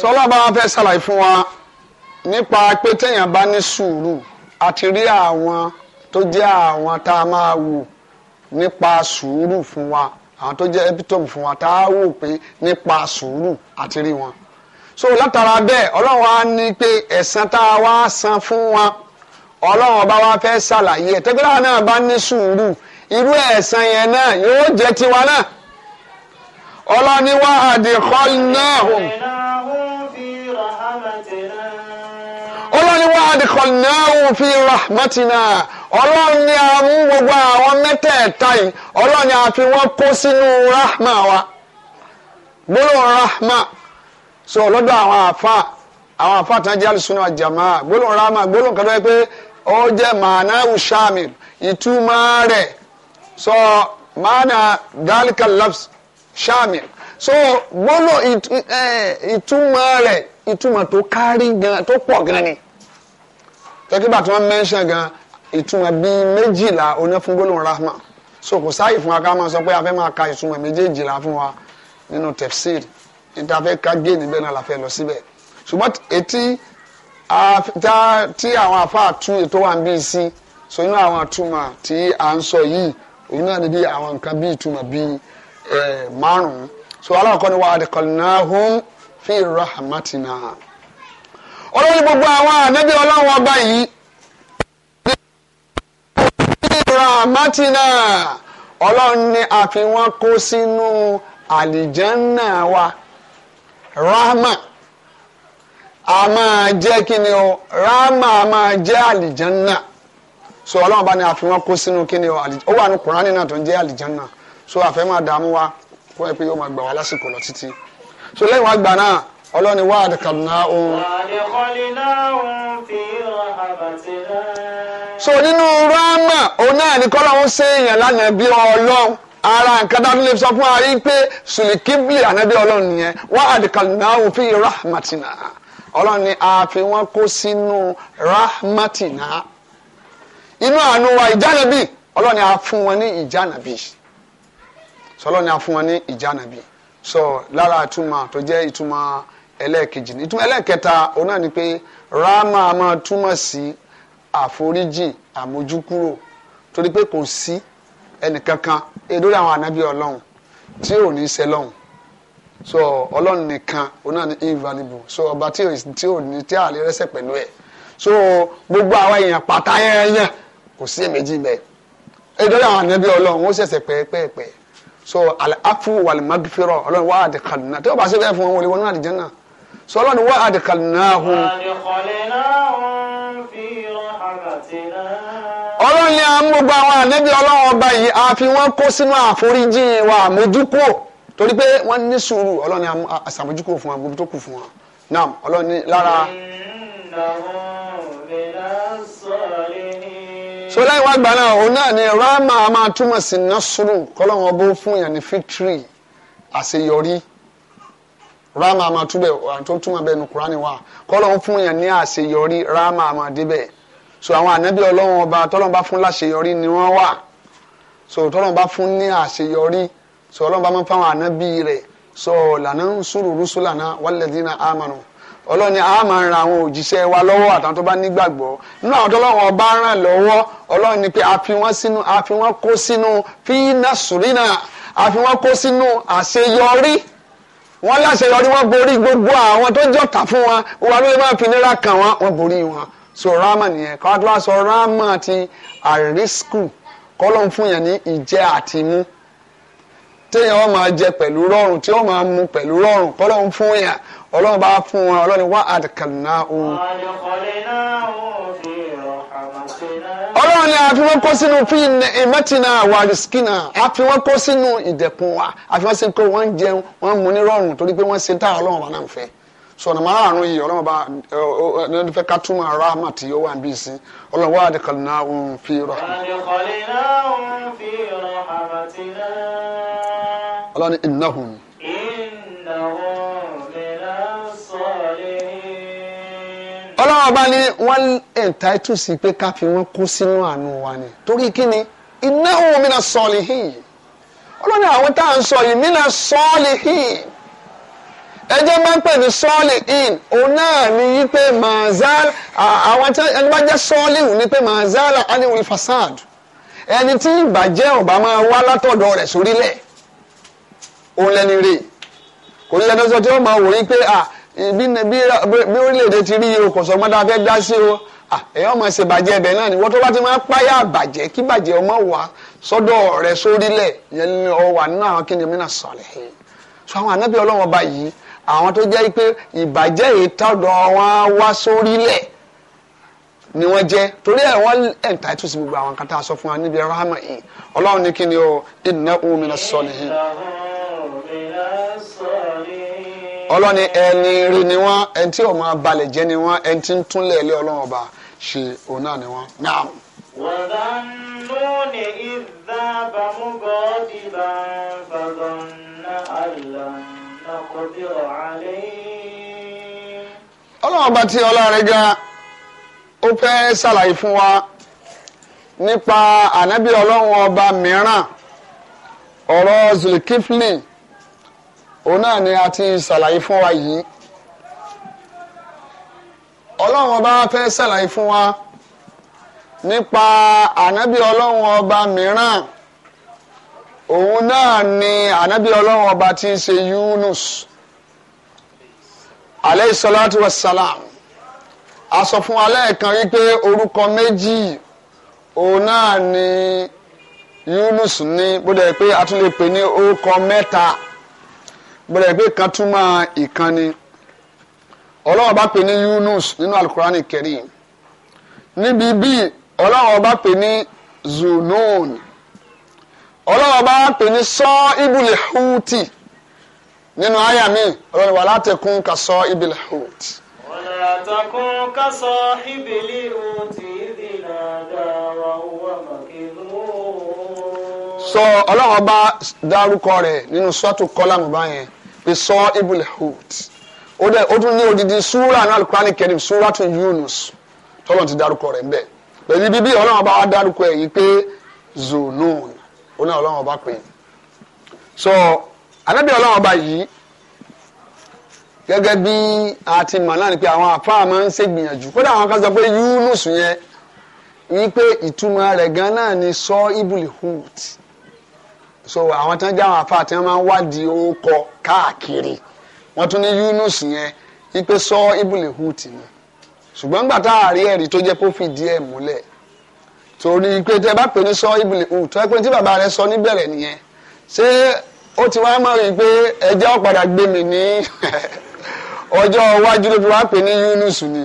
sọlá bá wọn fẹ́ ṣàlàyé fún wa nípa pé téèyàn bá ní sùúrù àti rí àwọn tó jẹ́ àwọn tá a máa wò nípa sùúrù fún wa àwọn tó jẹ́ epitope fún wa tá a wò pé nípa sùúrù àti rí wọn so látara bẹ́ẹ̀ ọlọ́run wa ní pé ẹ̀san tá a wá san fún wa ọlọ́run ọba wa fẹ́ ṣàlàyé ẹ̀ tẹ́gbẹ́lá náà bá ní sùúrù irú ẹ̀san yẹn náà yóò jẹ́ tiwa náà ọlọ́ni wa àdìkọ́ náà wà adìkọ̀nàwó fi rahmatina ọlọ́run ni a mú gbogbo àwọn mẹ́tẹ̀ẹ̀ta yìí ọlọ́run ni a fi wọ́n kó sínú rahma wa gbólóhùn rahma so lọ́dọ̀ àwọn àfa àwọn àfa tán jẹ́ alùsùn náà jàmá gbólóhùn rahma gbólóhùn kan tó yẹ pé ó jẹ́ màánáwù shamil ìtumọ̀ rẹ̀ so màánà dálíkà labs shamil so gbólóhùn ìtumọ̀ rẹ̀ ìtumọ̀ tó kárí gan tó pọ̀ gan ni tẹ́kíbà tí wọ́n mẹ́ńṣẹ̀ gan ìtumọ̀ bíi méjìlá onífúngbólóhùn rahma so kò sáàyè fún wa ká máa sọ pé a fẹ́ máa ka ìtumọ̀ méjèèjìlá fún wa nínú tafsir níta fẹ́ ká gé níbẹ̀ náà la fẹ́ lọ síbẹ̀ ṣùgbọ́n etí tí àwọn afáà tú ètò wa ń bí sí so inú àwọn àtúmọ̀ tí à ń sọ yìí òun náà ni bí àwọn nǹkan bí ìtumọ̀ bíi eh, márùn-ún so alákọ̀ọ́ni wa adqalnahum fi rahmatina olórí gbogbo àwọn ànábì ọlọ́run ọba yìí ọlọ́run ni a fi wọ́n kó sínú àlìjánná wa rahma a máa jẹ́ kí rahma a máa jẹ́ so ọlọ́run bá ni a fi wọ́n kó sínú kí ni o ó wà ní kùránì náà tó ń jẹ́ àlìjánná so àfẹ́ máa dààmú wa kó ẹ pé yóò máa gbà wá lásìkò lọ so lẹ́yìn wá gbà náà. ọlọ́ni wà á dìkan so nínú rámà òun náà ní kọ́lá ń ṣe èèyàn lánàá bí ọlọ́run ara nǹkan dábí lè sọ fún ari pé sùlìkíbìlì ànábí ọlọ́run nìyẹn wà á dìkan fi rahmatina ọlọ́run ni a fi wọ́n kó sínú rahmatina inú àánú wa ìjánabi ọlọ́run ni a fún wọn ní ìjánabi sọlọ́run ni a fún wọn ní ìjánabi so lára ìtumọ̀ tó jẹ́ ìtumọ̀ ẹlẹ́ẹ̀kejì ni ìtumọ̀ ẹlẹ́ẹ̀kẹta òun náà ni pé ráàmà máa túmọ̀ sí àforíjì àmójúkúrò torí pé kò sí ẹnìkankan eh, lórí àwọn ànábì ọlọ́run tí ò ní í ṣe lọ́hùn so ọlọ́run nìkan òun náà ni invaluable so ọba tí ò ní tí a rẹ́sẹ̀ pẹ̀lú ẹ̀ so gbogbo àwọn èèyàn pátá yẹnyẹn kò sí èméjì bẹ́ẹ̀ eh, lórí àwọn ànábì ọlọ́run ó ṣẹ̀ṣẹ̀ pẹ́ẹ́pẹ́ẹ́pẹ́ so àlẹ́ àfúwàlì magfẹ́rọ̀ ọlọ́run wà á dẹ̀kàlù náà tí ó bá ṣe bẹ́ẹ̀ fún wọn wọlé wọn náà àdìjẹ́ náà sọlọ ni wà á di kàlínáhùn. ọlọ́run ni à ń gbogbo àwọn ànẹ́bí ọlọ́run ọba yìí a fi wọ́n kó sínú àforíjì wa àmójúkò torí pé wọ́n ní sùúrù ọlọ́run ni àṣàmójúkò fún wa gbogbo tó kù fún wa naam ọlọ́run ni lára. sọlá ìwà àgbà náà òun náà ni ráàmà a máa túmọ̀ sí násùrù kọ́lọ́run ọbọ̀ fún yàn ní fítírì àṣeyọrí ráàmù àmà túbẹ̀ tó túmọ̀ bẹ́ẹ̀ nu kúránì wà kọ́lọ̀ ń fún yẹn ní àṣeyọrí ráàmù àmà débẹ̀ so àwọn ànábì ọlọ́run ọba tọ́lọ́n bá fún láṣeyọrí ni wọ́n wà so tọ́lọ́n bá fún ní àṣeyọrí so ọlọ́run bá máa ń fáwọn ànábì rẹ̀ so lana ń sùrù rúṣùlànà wàlẹ́dínà àmànù ọlọ́run ni a máa ran àwọn òjíṣẹ́ wa lọ́wọ́ àtàwọn tó bá nígbàgbọ́ nínú àwọn tọ́lọ́wọ́ bá ràn lọ́wọ́ ọlọ́run ni pé a fi wọ́n sínú a fi wọ́n kó sínú fínà sùrínà a fi wọ́n kó sínú àṣeyọrí wọ́n láṣeyọrí wọ́n borí gbogbo àwọn tó jọ̀tá fún wa wọ́n ló máa fi nira kàn wọ́n wọ́n borí wọn so rama nìyẹn kọ́lá tó wá sọ rama ti àrísíkù kọ́lọ́n fún yẹn ní ìjẹ àtìmú téèyàn wọn máa jẹ pẹ̀lú rọrùn tí wọn máa mu pẹ̀lú rọrùn kọ́lọ́n fún yẹn ọlọ́run bá fún wọn ọlọ́run wá àdìkànnà òun. wàá lè kọ́lé náà ó fi ọlọ́run ni a wọ́n kó sínú fíì ìmẹ́tìnà wàrísíkìnà a wọ́n kó sínú ìdẹ̀kùn wa a wọ́n sí kó wọ́n jẹun wọ́n mú ní rọrùn torí pé wọ́n ṣe tá ọlọ́run wa náà fẹ́ sọ̀nà márùn-ún yìí ọlọ́run bá ẹni fẹ́ ká túmọ̀ ara àmà tí ó wà ń bí sí ọlọ́run wà á dẹ̀kọ̀lì náà ń fi rọ̀. ọlọ́run ni ìnáhùn. ọlọ́wọ́ bá ní wọ́n ẹ̀ǹtáìtù sí pé ká fi wọ́n kó sínú àánú wa ni torí kí ni iná òun mi náà sọ̀lì hìn ọlọ́ni àwọn tá à ń sọ yìí mi náà sọ̀lì hìn ẹjẹ́ máa ń pè ní sọ́ọ̀lì in òun náà ni yí pé mazal àwọn ẹni bá jẹ́ sọ́ọ̀lì hùn ni pé mazal aniwil fasad ẹni tí ìbàjẹ́ ọba máa wá látọ̀dọ̀ rẹ̀ sórílẹ̀ òun lẹni rè kò ní ẹni tó ti wọ́n máa wòye pé ah bí orílẹ̀-èdè ti rí o kò sọ mọ́ dáa fẹ́ dá sí o èèyàn máa ṣe bàjẹ́ ẹ̀bẹ̀ náà ni wọ́n tó bá ti máa páyà bàjẹ́ kí bàjẹ́ ọmọ wà sọ́dọ̀ rẹ̀ sórílẹ̀ yẹn ni ọ wà nínú àwọn kíni mìíràn sọ̀rẹ̀ ẹ̀ so àwọn ànábì Ọlọ́run ọba yìí àwọn tó jẹ́ pé ìbàjẹ́ ìtọ́dọ̀ wọn wá sórílẹ̀ ni wọ́n jẹ́ torí ẹ̀ wọ́n ẹ̀ǹtàìtù sí gbogbo àwọn kan sọ fún wa níbi rahama ọlọ́ni ẹni rí ni wọ́n ẹni tí ò máa balẹ̀ jẹ́ ni wọ́n ẹni tí ń túnlẹ̀ ilé ọlọ́run ọba ṣe òun náà ni wọ́n. naam. وَذَنُّونِ إِذْ ذَهَبَ مُغَاضِبًا فَظَنَّ أَن لَّن نَّقْدِرَ عَلَيْهِ ọlọ́run ọba tí ọlá ga ó fẹ́ ṣàlàyé fún wa nípa ànábì ọlọ́run ọba mìíràn ọ̀rọ̀ zulkiflin òun náà ni a ti ṣàlàyé fún wa yìí ọlọ́run ọba fẹ́ ṣàlàyé fún wa nípa ànábì ọlọ́run ọba mìíràn òun náà ni ànábì ọlọ́run ọba ti ń ṣe Yunus aleyhi salatu salam a sọ fún wa lẹ́ẹ̀kan wípé orúkọ méjì òun náà ni Yunus ní bó dẹ̀ pé a tún lè pè ní orúkọ mẹ́ta gbọ́dọ̀ pé katuma túmọ̀ ìkànnì ọlọ́run bá pè ní Yunus nínú alukurani Karim níbi bíi ọlọ́run bá pè ní Zunun ọlọ́run bá pè ní sọ ibùlẹ̀ húùtì nínú àyà mi ọlọ́run wà látẹ̀kùn ká sọ ibùlẹ̀ húùtì. ولا تكن كصاحب الحوت إذ نادى وهو مكذوب Sọ ọlọ́run ọba dárúkọ rẹ̀ nínú sọ́ọ̀tù kọ́lá mọ̀bá yẹn pé sọ ibùl hut ó dẹ̀ ó tún ní odidi tún Yunus tọ́lọ̀ ti dárúkọ rẹ̀ ńbẹ̀ pẹ̀lú bí ọlọ́run ọba dárúkọ ẹ̀ yìí pé ó náà ọlọ́run ọba pè é anábì ọlọ́run ọba yìí gẹ́gẹ́ a ti mọ̀ náà ni pé àwọn àfáà Yunus yẹn yìí pé ìtumọ̀ rẹ̀ gan sọ so àwọn tán jáwọn afa tí wọn máa ń wádìí orúkọ káàkiri wọn tún ní Yunus yẹn wípé sọ ibùlẹ̀ hut ni ṣùgbọ́n nígbà tá a rí ẹ̀rí tó jẹ́ kó fìdí ẹ̀ múlẹ̀ torí pé tẹ bá pè ní sọ ibùlẹ̀ hut tó yẹ pé tí bàbá rẹ sọ níbẹ̀rẹ̀ nìyẹn ṣé ó ti wá mọ̀ rí i pé ẹjẹ́ ọ̀padà gbé mi ní ọjọ́ iwájú ló fi wá pè ní Yunus ni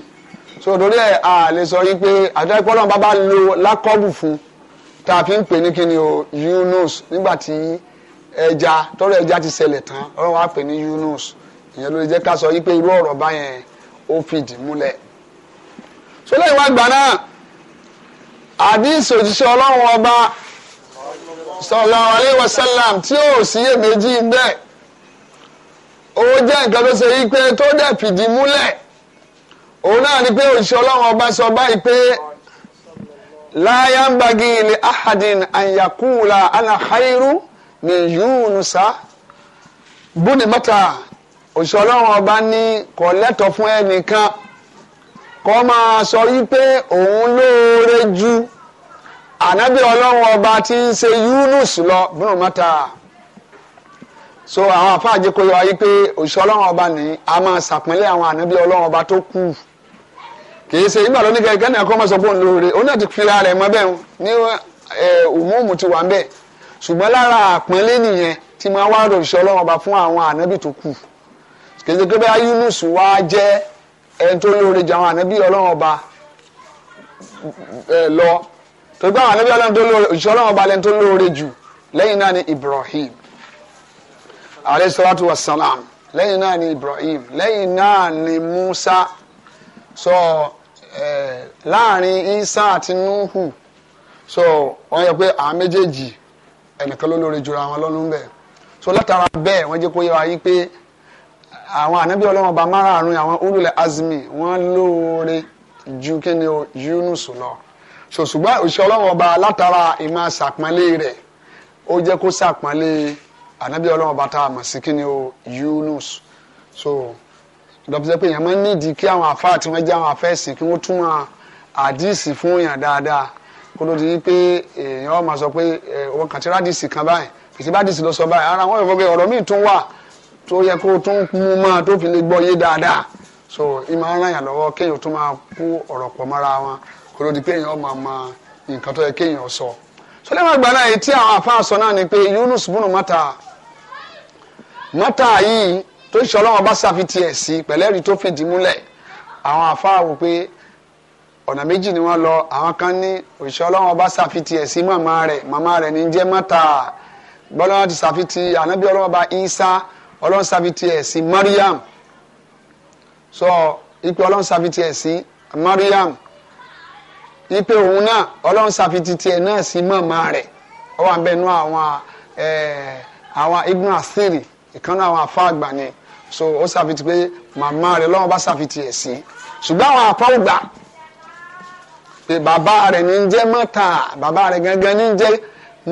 so torí ẹ̀ a lè sọ yí pé àtẹ́kọ́ náà bá bá lo lákọ́bù fún un tá a fi ń pè ní kíni o Yunus nígbà ẹja tọrọ ẹja ti ṣẹlẹ̀ tán ọlọ́run wá pè ní Yunus ìyẹn ló lè jẹ́ ká sọ yí pé irú ọ̀rọ̀ báyẹn ó fìdí múlẹ̀ so lẹ́yìn wá gbà náà àdìsí òjíṣẹ́ ọlọ́run ọba sallallahu alaihi wasallam tí ó síyèméjì ń bẹ́ẹ̀ ó jẹ́ nǹkan tó ṣe yí pé tó dẹ̀ fìdí múlẹ̀ òun náà ni pé òjíṣẹ́ ọlọ́run ọba sọ báyìí pé láyàmbági ilé ahadin àyàkúla anahairu ní yúnúsà bùnìmọ́tà òṣìṣẹ́ ọlọ́run ọba ní kò lẹ́tọ̀ fún ẹnìkan kó máa sọ wípé òun lóore ju ànábì ọlọ́run ọba tí ń ṣe yúnús lọ bùnìmọ́tà so àwọn àfáàjẹkọyọ ayé pé òṣìṣẹ́ ọlọ́run ọba ní a máa ṣàpínlẹ̀ àwọn ànábì ọlọ́run ọba tó kù kìí ṣe ìgbà lóní kẹkẹ ní akọ́mọ sọ fún olóore ó náà ti fi ara rẹ̀ mọ́ bẹ́ẹ̀ ní òmùmù ti wà ń bẹ̀ ṣùgbọ́n lára àpọ́nlé nìyẹn tí máa wá rò ìṣọ́ ọlọ́run ọba fún àwọn ànábì tó kù kìí ṣe pé bá Yunus wá jẹ́ ẹni tó lóore ju àwọn ànábì ọlọ́run ọba lọ tó gbá àwọn ànábì ọlọ́run tó ọba lẹ́ni tó lóore jù lẹ́yìn náà ni Ibrahim alayhi salatu wa salam lẹ́yìn náà ni Ibrahim lẹ́yìn náà ni Musa So, Eh, láàrin Isa àti Nuhu so wọ́n yẹ pé àwọn méjèèjì ẹnìkan ló jura wọn lọ́nu bẹ́ẹ̀ so látara bẹ́ẹ̀ wọ́n jẹ́ kó yẹ wáyé pé àwọn ànábì ọlọ́wọ́n bá márààrún àwọn olùlẹ̀ azmi wọ́n lóore ju kíni o Yunus lọ so ṣùgbọ́n òṣìṣẹ́ ọlọ́wọ́n bá látara ìmọ̀ ṣàpọ́nlé rẹ̀ ó jẹ́ kó ṣàpọ́nlé ànábì ọlọ́wọ́n bá tá a o Yunus so. dọ́pítẹ́ pé èèyàn máa ń nídìí kí àwọn àfáà tí wọ́n jẹ́ àwọn afẹ́sìn kí wọ́n túmọ̀ àdìsí fún èèyàn dáadáa kó ló di pé eh, èèyàn máa sọ pé wọn eh, kàn ti rádìsí kan báyìí kìtì bá dìsí lọ sọ báyìí ara wọn yóò fọ pé ọ̀rọ̀ míì tún wà tó yẹ kó tún mú máa tó fi lè gbọ́ yé dáadáa so ìmọ̀ ara yàn lọ́wọ́ kéèyàn tún máa kú ọ̀rọ̀ pọ̀ mọ́ra wọn kó ló di pé èèyàn máa mọ nǹkan tó yẹ kéèyàn sọ so lẹ́wọ̀n àgbà náà ni pé Yunus bùnú mọ́ta mọ́ta tó ṣe ọlọ́wọ́n bá ṣàfitì ẹ̀ sí pẹ̀lẹ́rì tó fìdí múlẹ̀ àwọn àfáà pé ọ̀nà méjì ni wọ́n lọ àwọn kan ní òṣìṣẹ́ ọlọ́wọ́n bá ṣàfitì ẹ̀ sí màmá rẹ̀ màmá rẹ̀ ní jẹ́ mọ́ta bọ́lọ́wọ́n ti ṣàfitì ànábì ọlọ́wọ́n bá Ìsá ọlọ́wọ́n ṣàfitì ẹ̀ sí Mariam sọ ipe ọlọ́wọ́n ṣàfitì ẹ̀ sí Mariam ipe òun náà ọlọ́run ṣàfitì tiẹ̀ náà sí màmá rẹ̀ ó wà bẹ́ẹ̀ nú àwọn ibùn àṣírí ìkànnì àwọn afá ni so ó ṣàfitì pé màmá rẹ̀ lọ́wọ́ bá ṣàfitì ẹ̀ sí ṣùgbọ́n àwọn àpáwùgbà pé bàbá rẹ̀ ní jẹ́ mọ́tà bàbá rẹ̀ gangan ní jẹ́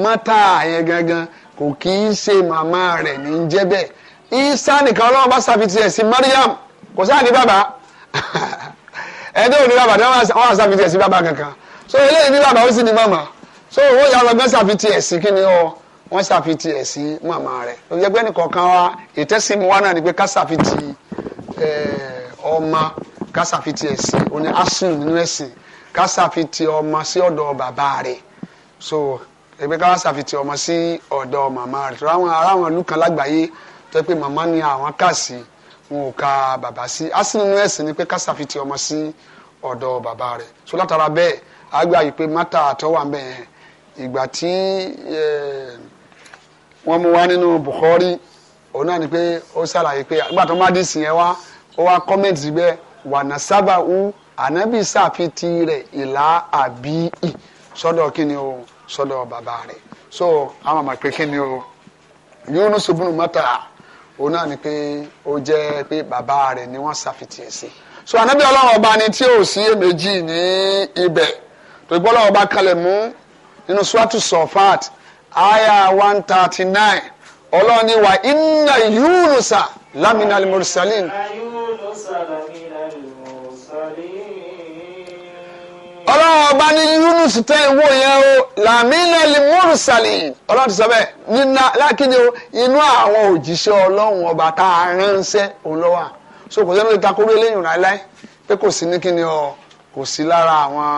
mọ́tà yẹn gangan kò kì í ṣe màmá rẹ̀ ní jẹ́ bẹ́ẹ̀ isa nìkan lọ́wọ́ bá ṣàfitì ẹ̀ sí Mariam kò sáà ní bàbá ẹ̀ẹ́dẹ́ òní bàbá ni wọ́n wá ṣàfitì ẹ̀ sí bàbá kankan so eléyìí ní bàbá ó sì ní màmá so owó yàrá ọgbẹ́ ṣàfitì ẹ̀ sí kí ni ọ́ wọ́n ṣàfitì ẹ̀sìn màmá rẹ̀ ló jẹ́ pé nìkọ̀ọ̀kan wa ìtẹ́sìn mu wa náà ni pé ká ṣàfitì eh, ọmọ ká ṣàfitì ẹ̀sìn òní asùn nínú ẹ̀sìn ká ọmọ sí ọ̀dọ̀ bàbá rẹ̀ so ẹgbẹ́ ká ṣàfitì ọmọ sí ọ̀dọ̀ màmá rẹ̀ tó àwọn ará àwọn ìlú kan lágbàáyé tó pé màmá ni àwọn kà sí wọn ò ka bàbá sí asùn nínú ẹ̀sìn ni pé ká ṣàfitì ọmọ sí ọ̀dọ̀ bàbá rẹ̀ so látara bẹ́ẹ̀ àgbà yìí pé mátà àtọ́wà ń ìgbà tí ẹ̀ẹ́ eh, wọ́n mú wá nínú Bukhari òun náà ni pé ó ṣàlàyé pé nígbà tó má dì sí yẹn wá ó wá kọ́mẹ̀ntì sí bẹ́ẹ̀ wànà sábà hu ànábì sàfitì rẹ̀ ìlà àbí ì sọ́dọ̀ kí o sọ́dọ̀ bàbá rẹ̀ so àwọn àmọ̀ pé kí ni o Yunus ibn Mata òun náà ni pé ó jẹ́ pé bàbá rẹ̀ ni wọ́n sàfitì sí so ànábì ọlọ́run ọba ni tí ò sí èméjì ní ibẹ̀ tó gbọ́ ọlọ́run ọba kalẹ̀ mú nínú swatu sọfat aya 139. thirty ọlọ́run ni wà inna yunusa lamina al-mursalin. ọlọ́run ọba ní yunus tẹ́ ìwò yẹn o lamina al-mursalin ọlọ́run ti sọ bẹ́ẹ̀ nínú lákìní o inú àwọn òjíṣẹ́ ọlọ́run ọba tá a ránṣẹ́ olówà so kò sẹ́ni ìtakùrú eléyìí ràn láì pé kò sí ní kíni o kò sí lára àwọn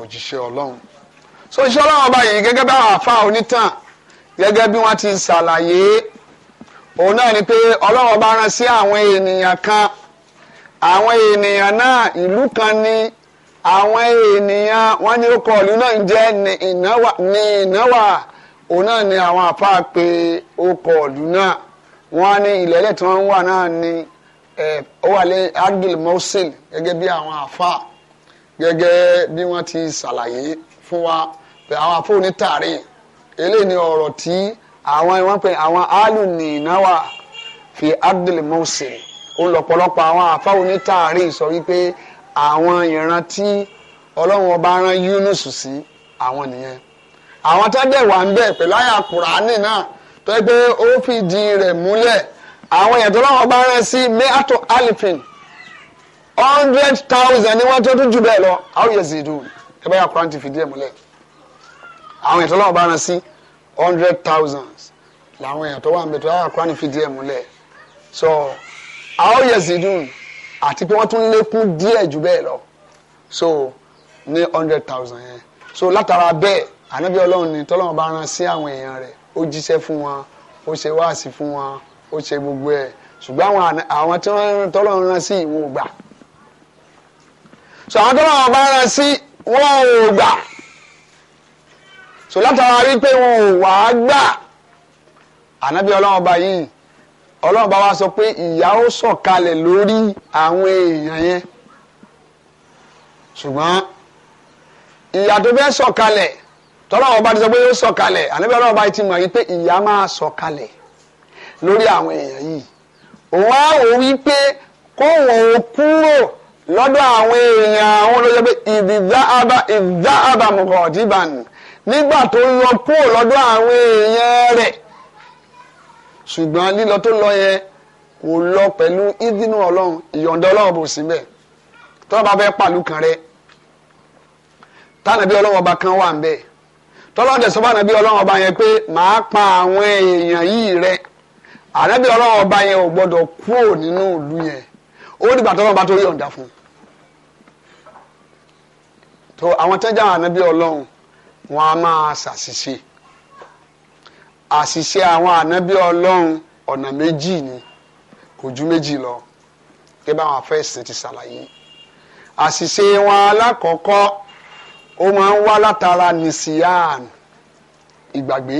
òjíṣẹ́ ọlọ́run. so iṣẹ́ ọlọ́run ọba yìí gẹ́gẹ́ bá àwọn àfa onítàn gẹ́gẹ́ bí wọ́n ti ṣàlàyé òun náà ni pé ọlọ́wọ́ ọba rán sí àwọn ènìyàn kan àwọn ènìyàn náà ìlú kan ni àwọn ènìyàn wọ́n ní ó kọ ìlú náà ń jẹ́ ní ìnáwà òun náà ni àwọn àfa pé ó kọ ìlú náà wọ́n ní ìlẹ́lẹ̀ tí wọ́n wà náà ni ó wà lé adil mosil gẹ́gẹ́ bí àwọn àfa gẹ́gẹ́ bí wọ́n ti ṣàlàyé fún wa. àwọn afọ́ni tààrí eléyìí ni ọ̀rọ̀ tí àwọn wọ́n pè àwọn alùní náwà fi abdul mọ́sìn òun lọ́pọ̀lọpọ̀ àwọn afọ́ni tààrí sọ wípé àwọn ìran tí ọlọ́run ọba rán Yunus sí àwọn nìyẹn àwọn tó dẹ̀ wà ń bẹ̀ pẹ̀lú àyà kùránì náà tó yẹ pé ó fìdí rẹ̀ múlẹ̀ àwọn èèyàn tó lọ́wọ́ ọba rán sí meato alifin hundred thousand ni wọ́n tó tún jù bẹ́ẹ̀ lọ how yẹ do, ẹ bá yà kùránì ti fìdí ẹ̀ múlẹ̀ àwọn èèyàn tó lọ́wọ́ bá rán sí hundred thousands làwọn èèyàn tó wà ń bẹ tó yàrá kúránì fìdí ẹ̀ múlẹ̀ so àwọn yẹ zidun àti pé wọ́n tún lékún díẹ̀ jù bẹ́ẹ̀ lọ so ní hundred thousand yẹn so látara bẹ́ẹ̀ ànábì ọlọ́run ni tọ́lọ́wọ́n bá rán sí àwọn èèyàn rẹ̀ ó jíṣẹ́ fún wọn ó ṣe wáàsí fún wọn ó ṣe gbogbo ẹ̀ ṣùgbọ́n àwọn tí wọ́n tọ́lọ́run rán sí ìwọ̀n ò gbà so àwọn tọ́lọ́wọ́n bá rán sí wọ́n ò gbà so látara wípé wọn ò wá gbà ànábì ọlọ́run ọba yìí ọlọ́run bá wa sọ pé ìyà ó sọ̀kalẹ̀ lórí àwọn èèyàn yẹn ṣùgbọ́n ìyà tó fẹ́ sọ̀kalẹ̀ tọ́lọ́run ọba ti sọ pé yóò sọ̀kalẹ̀ ànábì ọlọ́run ọba ti mọ̀ wípé ìyà máa sọ̀kalẹ̀ lórí àwọn èèyàn yìí òun á wò wípé kóun ò kúrò lọ́dọ̀ àwọn èèyàn àwọn olóyè pé ìdìdá àbá ìdá àbá mọ̀kàn nígbà tó lọ kúrò lọ́dọ̀ àwọn èèyàn rẹ̀ ṣùgbọ́n lílọ tó lọ yẹn kò lọ pẹ̀lú ìdínú ọlọ́run ìyọ̀ǹda ọlọ́run bò síbẹ̀ tó bá fẹ́ pàlú kan rẹ̀ tánàbí ọlọ́run ọba kan wà ń bẹ̀ tọ́lọ́dẹ̀ sọ́ba nàbí ọlọ́run ọba yẹn pé màá pa àwọn èèyàn yìí rẹ̀ ànábì ọlọ́run ọba yẹn ò gbọ́dọ̀ kúrò nínú ìlú yẹn ó dìgbà tó ọlọ́run bá tó yọ̀ǹda fún un tó àwọn tẹ́jà ànábì ọlọ́run wọ́n á máa ṣàṣìṣe àṣìṣe àwọn ànábì ọlọ́run ọ̀nà méjì ni kò ju méjì lọ gẹ́gẹ́ bá àwọn afẹ́sẹ̀ ti ṣàlàyé àṣìṣe wọn alákọ̀ọ́kọ́ ó máa ń wá látara nìsíyàn ìgbàgbé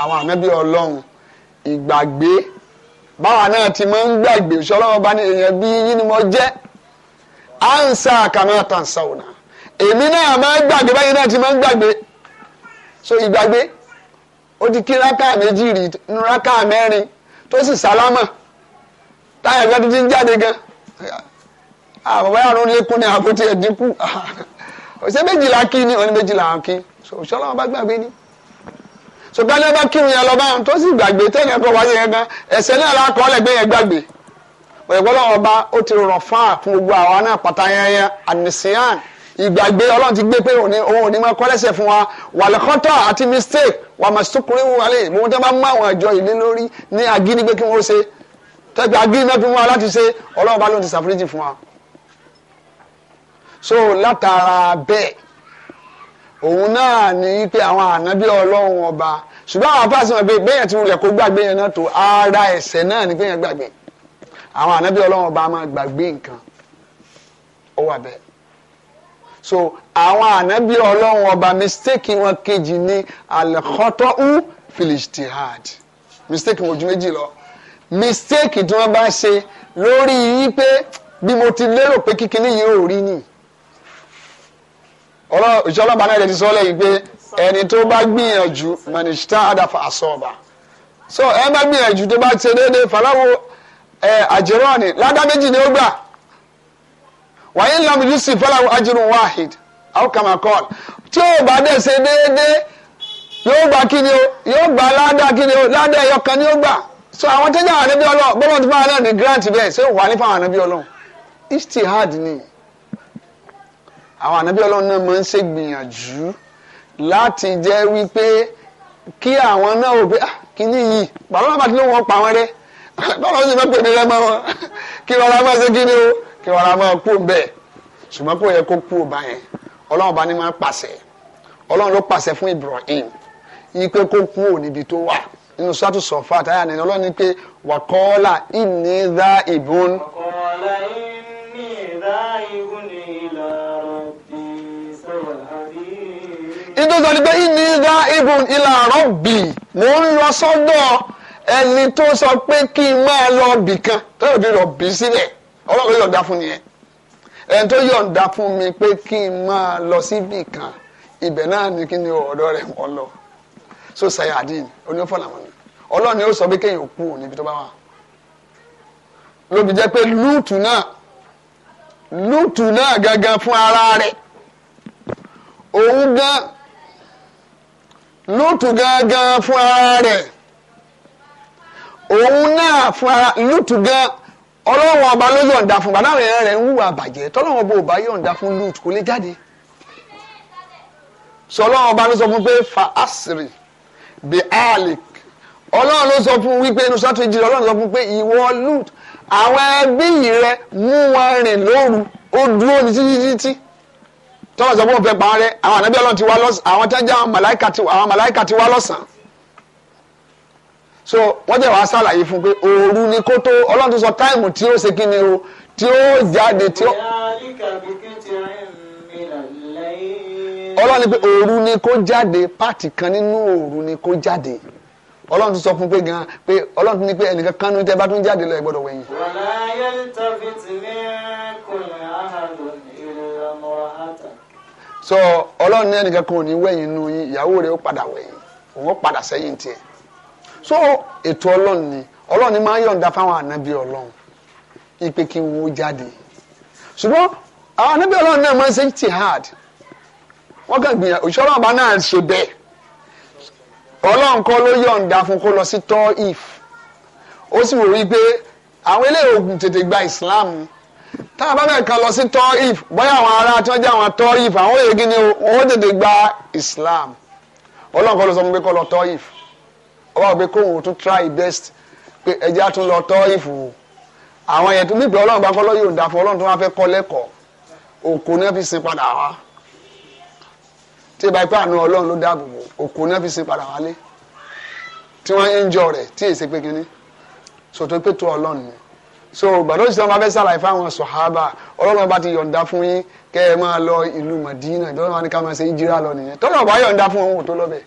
àwọn ànábì ọlọ́run ìgbàgbé báwa náà ti máa ń gbàgbé òṣèlú bá ní èèyàn bí yín ni mo jẹ́ ansa kàmá tàǹsà ọ̀nà èmi náà máa ń gbàgbé báyìí náà ti máa ń gbàgbé so ìgbàgbé ó ti kí rákà méjì rí nu mẹ́rin tó sì sálámà táyà tó ti ń jáde gan àwọn báyà lékún ní àbótí ẹ̀ dínkù méjìlá kí ni òní méjìlá kí so òṣèlú bá gbàgbé ni so gbani tó sì gbàgbé tẹ́lẹ̀ kọ́ wáyé yẹn gan ẹ̀sẹ̀ náà yẹn gbàgbé ó ti rọ̀ gbogbo yẹn yẹn ìgbàgbé ọlọ́run ti gbé pé òun ní máa kọ́lẹ́sẹ̀ fún wa wàlẹ́kọ́tọ̀ àti mistake wà máa sókùnrin wù wálé mo tẹ́ bá mú àwọn àjọ ìlé lórí ní agídí kí wọ́n ṣe tẹ́gbẹ́ agídí náà wa láti ṣe ọlọ́run bá lóun ti ṣàforíjì fún wa. so látara bẹ́ẹ̀ òun náà ní pé àwọn ànábí ọlọ́run ọba ṣùgbọ́n àwọn apáṣẹ wọn pé bẹ́ẹ̀ tí wọn lẹ̀ kó gbàgbé yẹn náà tó ara ẹ̀ṣẹ̀ náà ní pé yẹn gbàgbé àwọn ànábí ọlọ́run ọba máa gbàgbé nǹkan ó wà bẹ́ẹ̀ so àwọn ànábì ọlọ́run ọba mistake wọn kejì ní alẹ́kọ́tọ́ u filistihad mistake wọn ojú méjì lọ mistake tí wọ́n bá ṣe lórí yìí pé bí mo ti lérò pé kíkiní yìí ò rí nìyí ìṣọlọ́ba náà ti sọ lẹ́yìn pé ẹni tó bá gbìyànjú mẹ́nìṣítà àdàfà àsọ̀ọ̀bà so ẹ bá gbìyànjú tó bá ṣe déédéé fàlàwọ ẹ àjẹrọ́ọ̀nì ládá méjì ni ó gbà wàyí ńlámi yusuf fẹlẹ ajirun wahid àwòkàmà kọ́ọ̀lù tí yóò bá dẹ̀ ṣe déédéé yóò gba kíni o yóò gba ládàá kíni o ládàá ẹ̀yọ kan ni yóò gba so àwọn tẹ́jà àwọn anabi ọlọ bọ́lá ti fún àwọn grant bẹ́ẹ̀ ṣé wà ní fún àwọn ànábí ọlọ́run istihad ni àwọn anabi ọlọ náà máa ń ṣe gbìyànjú láti jẹ wípé kí àwọn náà ò pé ah, kíní yìí bàbá bàbá tí ló wọ́n pa wọn rẹ́ báwo ló ṣe pèmí wọn kí wọn máa ṣe kíni o. kí wọn ra máa kú bẹ́ẹ̀ ṣùgbọ́n kò yẹ kó kú ọba yẹn ọlọ́run bá ní máa pàṣẹ ọlọ́run ló pàṣẹ fún Ibrahim yí pé kó kú ò níbi tó wà nínú sọ́tù sọ̀fà àtàyà nìyẹn ọlọ́run ní pé wàkọ́ọ́lá ìní dá ìbọn. wàkọ́ọ́lá ìní dá ìbọn ìlà rọ̀bì sọ̀rọ̀ àbí. nítorí sọ ni pé ìní dá ìbọn ìlà rọ̀bì mò ń lọ sọ́dọ̀ ẹni tó sọ pé kí n máa lọ bìkan tó yẹ kí n lọ bì sílẹ̀ ọlọ́run ló yọ̀ǹda fún nìyẹn ẹni tó yọ̀ǹda fún mi pé kí n máa lọ síbì kan ibẹ̀ náà ni kí ni ọ̀dọ́ rẹ̀ mọ́ lọ so sayadin onífọ̀làmọ́ni ọlọ́run ni ó sọ pé kéèyàn kú òun níbi tó bá wà lóbi jẹ́ pé lúùtù náà lúùtù náà gangan fún ara rẹ̀ òun gan lúùtù gangan fún ara rẹ̀ òun náà fún ara lúùtù gan ọlọ́run ọba ló yọ̀ǹda fún bàbá rẹ̀ rẹ̀ ń hùwà bàjẹ́ tọ́lọ́run ọba ò bá yọ̀ǹda fún lut kò lè jáde sọ ọlọ́run ọba ló sọ fún pé fa asiri bi alik ọlọ́run ló sọ fún wípé inú sátú ìjìnlẹ̀ ọlọ́run sọ fún pé ìwọ lut àwọn ẹbí yìí rẹ mú wọn rìn lóru ó dúró ní títí títí tọ́lọ́run sọ fún òun fẹ́ pa rẹ àwọn ànábì ọlọ́run ti wá lọ́sàn àwọn tẹ́jà àwọn màláìkà ti wá lọ́sàn so wọ́n jẹ́ wàá ṣàlàyé fún pé òru ni kó tó ọlọ́run tó sọ táìmù tí ó ṣe kíni o tí ó jáde tí ó. ọlọ́run ni pé òru ni kó jáde pààtì kan nínú òru ni kó jáde ọlọ́run tó sọ fún pé gan pé ọlọ́run tó ní pé ẹnìkan kan ní tẹ́ bá tún jáde lọ ẹ gbọ́dọ̀ wẹ̀yìn. so ọlọ́run ní ẹnìkan kan ò ní wẹ̀yìn nù yín ìyàwó rẹ̀ ó padà wẹ̀yìn òun ó padà sẹ́yìn tiẹ̀ so ètò ọlọ́run ni ọlọ́run ni máa ń yọ̀ǹda fáwọn ànábì ọlọ́run ìpè kí jáde ṣùgbọ́n àwọn ànábì ọlọ́run náà máa ń ṣe jihad wọ́n kàn gbìyànjú òṣìṣẹ́ ọlọ́run bá náà ṣe bẹ́ẹ̀ ọlọ́run kọ́ ló yọ̀ǹda fún kó lọ sí tọ́ìf ó sì wò wí pé àwọn eléyìí ogun tètè gba islam tá a bá bẹ̀rẹ̀ kan lọ sí tọ́ìf bóyá àwọn ará tí wọ́n jẹ́ àwọn ni wọ́n tètè gba islam ọlọ́run ọwọ́ àgbẹ̀ kóhùn tún try best pé ẹjẹ́ àtún lọ tọ́ ìfù àwọn yẹn tó bí ìgbà ọlọ́run bá kọ́ lọ́yọ̀ òǹdà fún ọlọ́run tó wá fẹ́ kọ́ lẹ́kọ̀ọ́ òkú náà fi sin padà wá tí ìbá ipá àánú ọlọ́run ló dáàbò bò òkú náà fi sin padà wálé tí wọ́n ń jọ rẹ̀ tí èsì pé kínní sòtò pé tó ọlọ́run ni so gbàdọ́ ìṣẹ́ wọn bá fẹ́ sàlàyé fáwọn sọ̀hábà ọlọ́run bá ti yọ̀ǹda fún yín kẹ́ ẹ máa lọ ìlú Mádínà ìdọ́rọ̀ wọn ni ká máa ṣe ìjírà lọ nìyẹn tọ́lọ̀ bá yọ̀ǹda fún òun ò tó lọ́bẹ̀ẹ́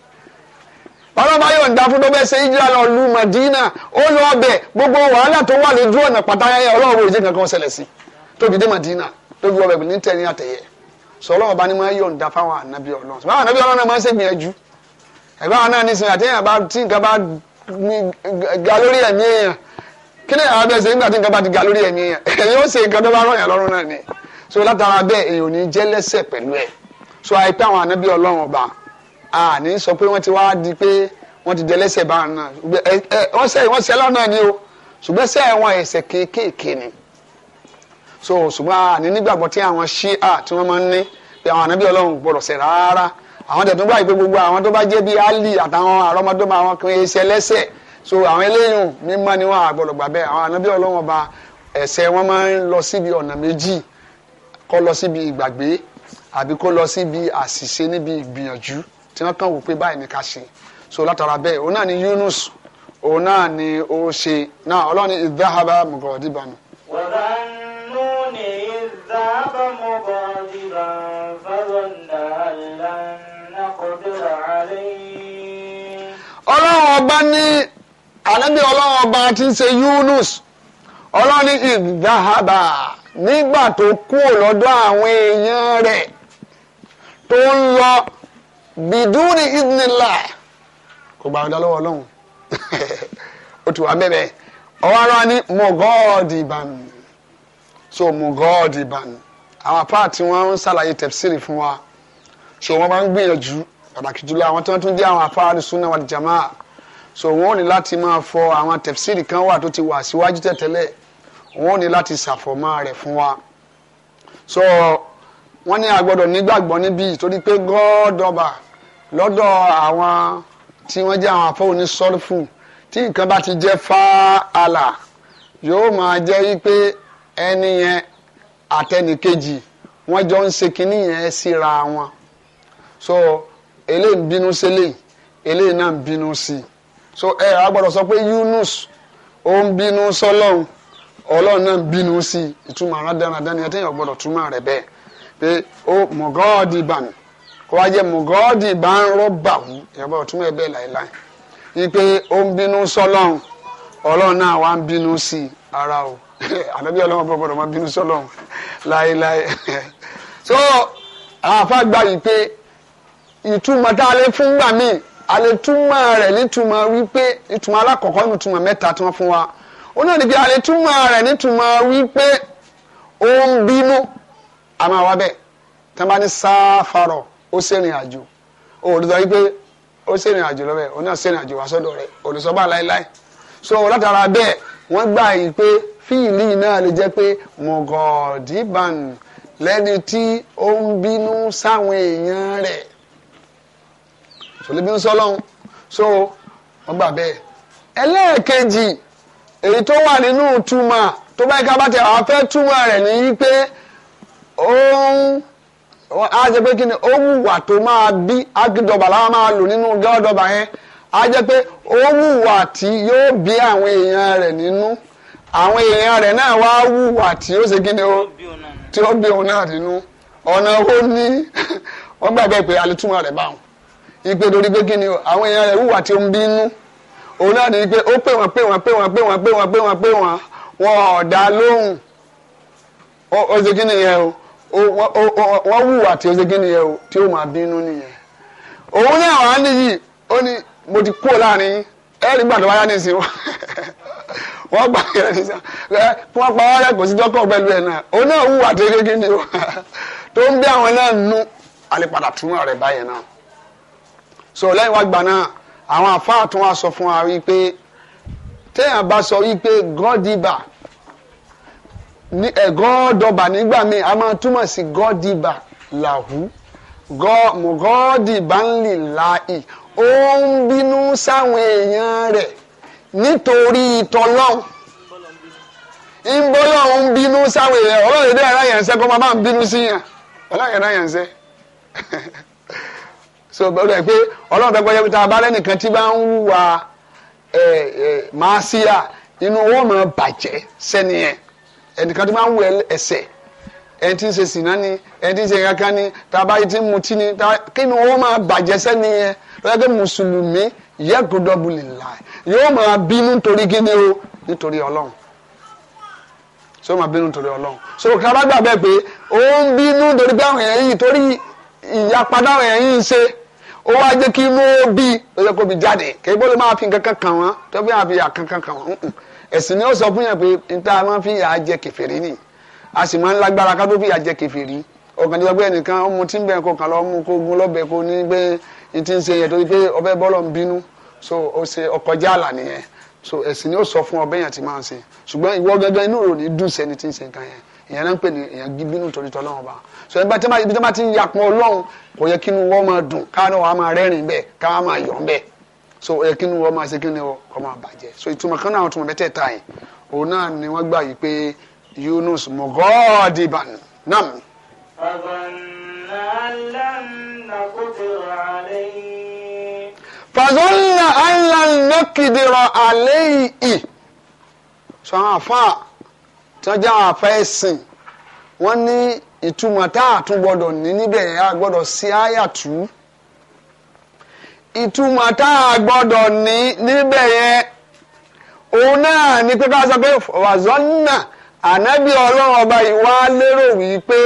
ọlọ́ba yóò dá fún tó bẹ́ẹ̀ ṣe ìjìlá lọ lu Madina ó lọ ọbẹ̀ gbogbo wàhálà tó wà lójú ọ̀nà pátáyà ọlọ́run òjì kankan ṣẹlẹ̀ sí tóbi dé Madina tóbi ọbẹ̀ ní tẹ̀lé àtẹ̀yẹ sọlọ́ ọba ni máa yọ̀ ń da fáwọn ànábì ọlọ́run sọ fáwọn ànábì ọlọ́run náà máa ń ṣègbìyànjú ẹ̀gbọ́n àwọn náà nísìnyí àtẹ̀yìn àbá tí nǹkan bá ga lórí ẹ̀mí èèyàn kí ni àwọn abẹ́sẹ̀ nígbà tí nǹkan bá ti ga lórí ẹ̀mí èèyàn èèyàn ó ṣe nǹkan tó bá rọ̀yàn lọ́rùn náà ni so látara bẹ́ẹ̀ èèyàn ò ní jẹ́ lẹ́sẹ̀ pẹ̀lú ẹ̀ so àìpé àwọn ànábì ọlọ́run ọba a ní sọ pé wọ́n ti wá di pé wọ́n ti dẹlẹ́sẹ̀ bá wọn náà wọ́n sẹ́yìn wọ́n sẹ́yìn lọ́nà ni o ṣùgbọ́n sẹ́yìn wọn ẹ̀ṣẹ̀ kéékèèké ni so ṣùgbọ́n a ní nígbàgbọ́ tí àwọn ṣíà tí wọ́n máa ń ní pé àwọn ànábì ọlọ́run gbọ́dọ̀ ṣẹ̀ rárá àwọn tẹ̀tún gbà pé gbogbo àwọn tó bá jẹ́ bíi ali àtàwọn àrọ́mọdọ́mọ àwọn kan ẹ̀ṣẹ̀ lẹ́ṣẹ̀ so àwọn eléyìí mímọ́ ni wọ́n àgbọ̀dọ̀ gbà bẹ́ẹ̀ àwọn ànábì ọlọ́run ọba ẹ̀ṣẹ̀ wọn máa ń lọ síbi ọ̀nà méjì kó lọ síbi ìgbàgbé àbí kó lọ síbi àṣìṣe níbi ìgbìyànjú tí wọ́n kàn wò pé báyìí ni ká ṣe so látara òun náà ni Yunus òun náà ni ó ṣe náà ọlọ́run ni ìdáhàbà mọ̀gàdìbànú. wàdà nù ní ìdáhàbà mọ̀gàdìbà fàlọ́ndà ọba ní ànábì ọlọ́run ọba ti ń Yunus ọlọ́run ní ìdáhàbà nígbà tó kúrò lọ́dọ̀ àwọn èèyàn rẹ̀ lọ bidúni ìdínlá kò gbà wọn dá lọ́wọ́ ọlọ́run ó ti wà bẹ́ẹ̀ ni mọ̀gọ́ọ̀dì ìbànú so mọ̀gọ́ọ̀dì ìbànú àwọn apáàtì wọn ń ṣàlàyé tẹ̀síìrì fún wa so wọn máa ń gbìyànjú pàtàkì jùlọ àwọn tí wọn tún jẹ́ àwọn apáàtì súnà wà jàmá so wọn ò ní láti máa fọ àwọn tẹ̀síìrì kan wà tó ti wà síwájú tẹ̀tẹ̀lẹ̀ wọn ò ní láti ṣàfọ̀mọ́ rẹ̀ fún wa so wọ́n ní a gbọ́dọ̀ nígbàgbọ́ níbí torí pé gọ́ọ̀dọ̀bà lọ́dọ̀ àwọn tí wọ́n jẹ́ àwọn afọ́ onísọ́lùfù tí nǹkan bá ti jẹ́ fáàlà yóò máa jẹ́ wípé ẹni yẹn àtẹnìkejì wọ́n jọ ń ṣe kinní yẹn síra wọn so eléyìí ń bínú sílẹ̀ eléyìí náà ń bínú sí i so ẹ eh, agbọ́dọ̀ sọ pé Yunus ó ń bínú sọ́lọ́run Ọlọ́run náà ń bínú sí i ìtumọ̀ aládàáradá ni ẹ tẹ́yìn ọgbọ́dọ̀ túmọ̀ rẹ̀ bẹ́ẹ̀ pé ó mọ̀gọ́ọ̀dì bàmí ó wá jẹ́ mùgọ́ọ̀dì bá ń rọ́bà wù ìyàbọ̀ ọ̀tún ẹ̀ bẹ́ẹ̀ láìláì wípé ó ń bínú sọ́lọ́run ọlọ́run náà wá ń bínú sí i ara o ànábì ọlọ́run bọ̀ bọ̀dọ̀ máa bínú sọ́lọ́run láìláì so àáfà gba yìí pé ìtumọ̀ tá a lè fún gbà míì a lè túmọ̀ rẹ̀ nítumọ̀ wípé ìtumọ̀ alákọ̀ọ́kọ́ nítumọ̀ mẹ́ta tí wọ́n fún wa ó náà níbi a lè túmọ̀ rẹ̀ wípé ó ń bínú àmọ́ àwa bẹ́ẹ̀ tí bá ní sáfàrọ̀ ó ṣèrìn àjò o ò dùdọ̀ yí pé ó ṣèrìn àjò lọ́wọ́ ẹ̀ òun náà ṣèrìn àjò wá sọ́dọ̀ rẹ̀ olùsọ́bà láéláé so látara bẹ́ẹ̀ wọ́n gbà yí pé fíìlì náà lè jẹ́ pé mọ̀gọ́dìbàn lẹ́ni tí ó ń bínú sáwọn èèyàn rẹ̀ sòlébínú sọlọ́hún so wọ́n gbà bẹ́ẹ̀ ẹlẹ́ẹ̀kejì èyí tó wà nínú túmọ̀ tó bá yẹ ká bá tẹ àwọn afẹ́ túmọ̀ rẹ̀ ní pé ó ń. á pé kí ni ó wùwà tó máa bí ágídọ̀bà máa lò nínú gẹ́ọ́dọ̀bà yẹn á pé ó wùwà tí yóò bí àwọn èèyàn rẹ nínú àwọn èèyàn rẹ náà wá wùwà tí ó ṣe kí ni ó tí ó bí òun náà nínú ọ̀nà ó ní wọ́n pé rẹ̀ báwọn ìpè torí pé kí ni o àwọn èèyàn rẹ̀ tí ó ń bí inú òun náà o wọ́n wùwà tí ó ṣe kí nìyẹn o tí ó máa bínú nìyẹn òun náà wà á níyì ó ní mo ti kúrò láàrin ẹ̀rí gbàdúrà wáyà nísìnyí wọ́n gbà yẹn ní sá kí wọ́n pa wáyà kò sí dọ́kọ̀ pẹ̀lú ẹ̀ náà òun náà wùwà tí ó ṣe kí nìyẹn o tó ń bí àwọn náà nú àlepadà túmọ̀ rẹ̀ báyẹn náà so lẹ́yìn wá gbà náà àwọn àfáà tún wá sọ fún wa wípé téèyàn bá sọ wípé gọ́dìbà ní ẹ̀gọ́dọ̀bà eh, nígbà míì a máa túmọ̀ sí gọ́dìbà làwù gọ́dìbà ń lè láì ó ń bínú sáwọn èèyàn rẹ̀ nítorí tọlọ́hún ń bọ́lọ́ ń bínú sáwọn èèyàn ọlọ́run èdè ara yẹn máa ń bínú sí yàn ọlọ́run èdè ara so bẹ́ẹ̀ pé ọlọ́run fẹ́ gbọ́dọ̀ tá a bá lẹ́nìkan tí bá ń wúwa eh, eh, máa síyà inú wọn máa bàjẹ́ sẹ́niyẹn ẹnìkan tó máa ń wọ ẹsẹ̀ ẹni tí ń ṣe sìnà ni ẹni tí ń ṣe kankan ni tàbá ti ń mutí ni kí ni wọ́n máa bàjẹ́ sẹ́ni yẹn lọ́yẹ́ pé mùsùlùmí yẹ gbọdọ̀ bu lè la yóò máa ni o nítorí ọlọ́run so máa bínú torí ọlọ́run so kàrà gbà bẹ́ẹ̀ pé ó ń bínú torí pé àwọn èèyàn yìí torí ìyàpadà àwọn èèyàn yìí ń ṣe ó wá bi kí inú ó bí jáde kí ebó fi nǹkan kan kàn wọ́n tó bí àwọn kankan kàn wọ́n ẹ̀sìn ni ó sọ fún yàn pé n ta máa fi yà á jẹ kèfèrí ni a sì máa ń lágbára ká tó fi yà á jẹ kèfèrí ọkàn tí wọ́n pé ẹnìkan ọmọ tí ń bẹ̀ kó kàn lọ́ mú kó gun lọ́bẹ̀ kó ní pé n ti ń ṣe yẹn torí pé ọbẹ̀ bọ́lọ̀ ń bínú so ó ṣe ọkọjá àlà nìyẹn so ẹ̀sìn ni ó sọ fún ọbẹ̀ yẹn ti máa ń ṣe ṣùgbọ́n ìwọ gẹ́gẹ́ inú rò ní dùn sẹ́ni tí ń ṣe nǹkan yẹn ìyẹn náà ń pè ní ìyẹn bínú torí tọ́lọ́run ọba so ẹni bá tí wọ́n bá ti ń yapọ̀ ọlọ́run kò yẹ kí inú wọn máa dùn káwọn máa rẹ́rìn bẹ́ẹ̀ káwọn máa yọ̀ bẹ́ẹ̀ so ẹ kí ni wọ́n máa ṣe kí ni wọ́n máa bàjẹ́ so ìtumọ̀ kan náà ìtumọ̀ mẹ́tẹ̀ẹ̀ta yìí òun náà ni wọ́n gbà yìí pé Yunus mọ̀gọ́ọ̀dìbàn nam. fàzọ́nà alànàkìdìrọ̀ àlẹ́ yìí sọ àfa tọ́jà àfa ẹ̀sìn wọ́n ní ìtumọ̀ tá a tún gbọ́dọ̀ ní níbẹ̀ a gbọ́dọ̀ sí àyà tù ú. ìtumọ̀ tá a gbọ́dọ̀ ní níbẹ̀ yẹn òun náà ni pé ká ọlọ́run ọba ìwà lérò wípé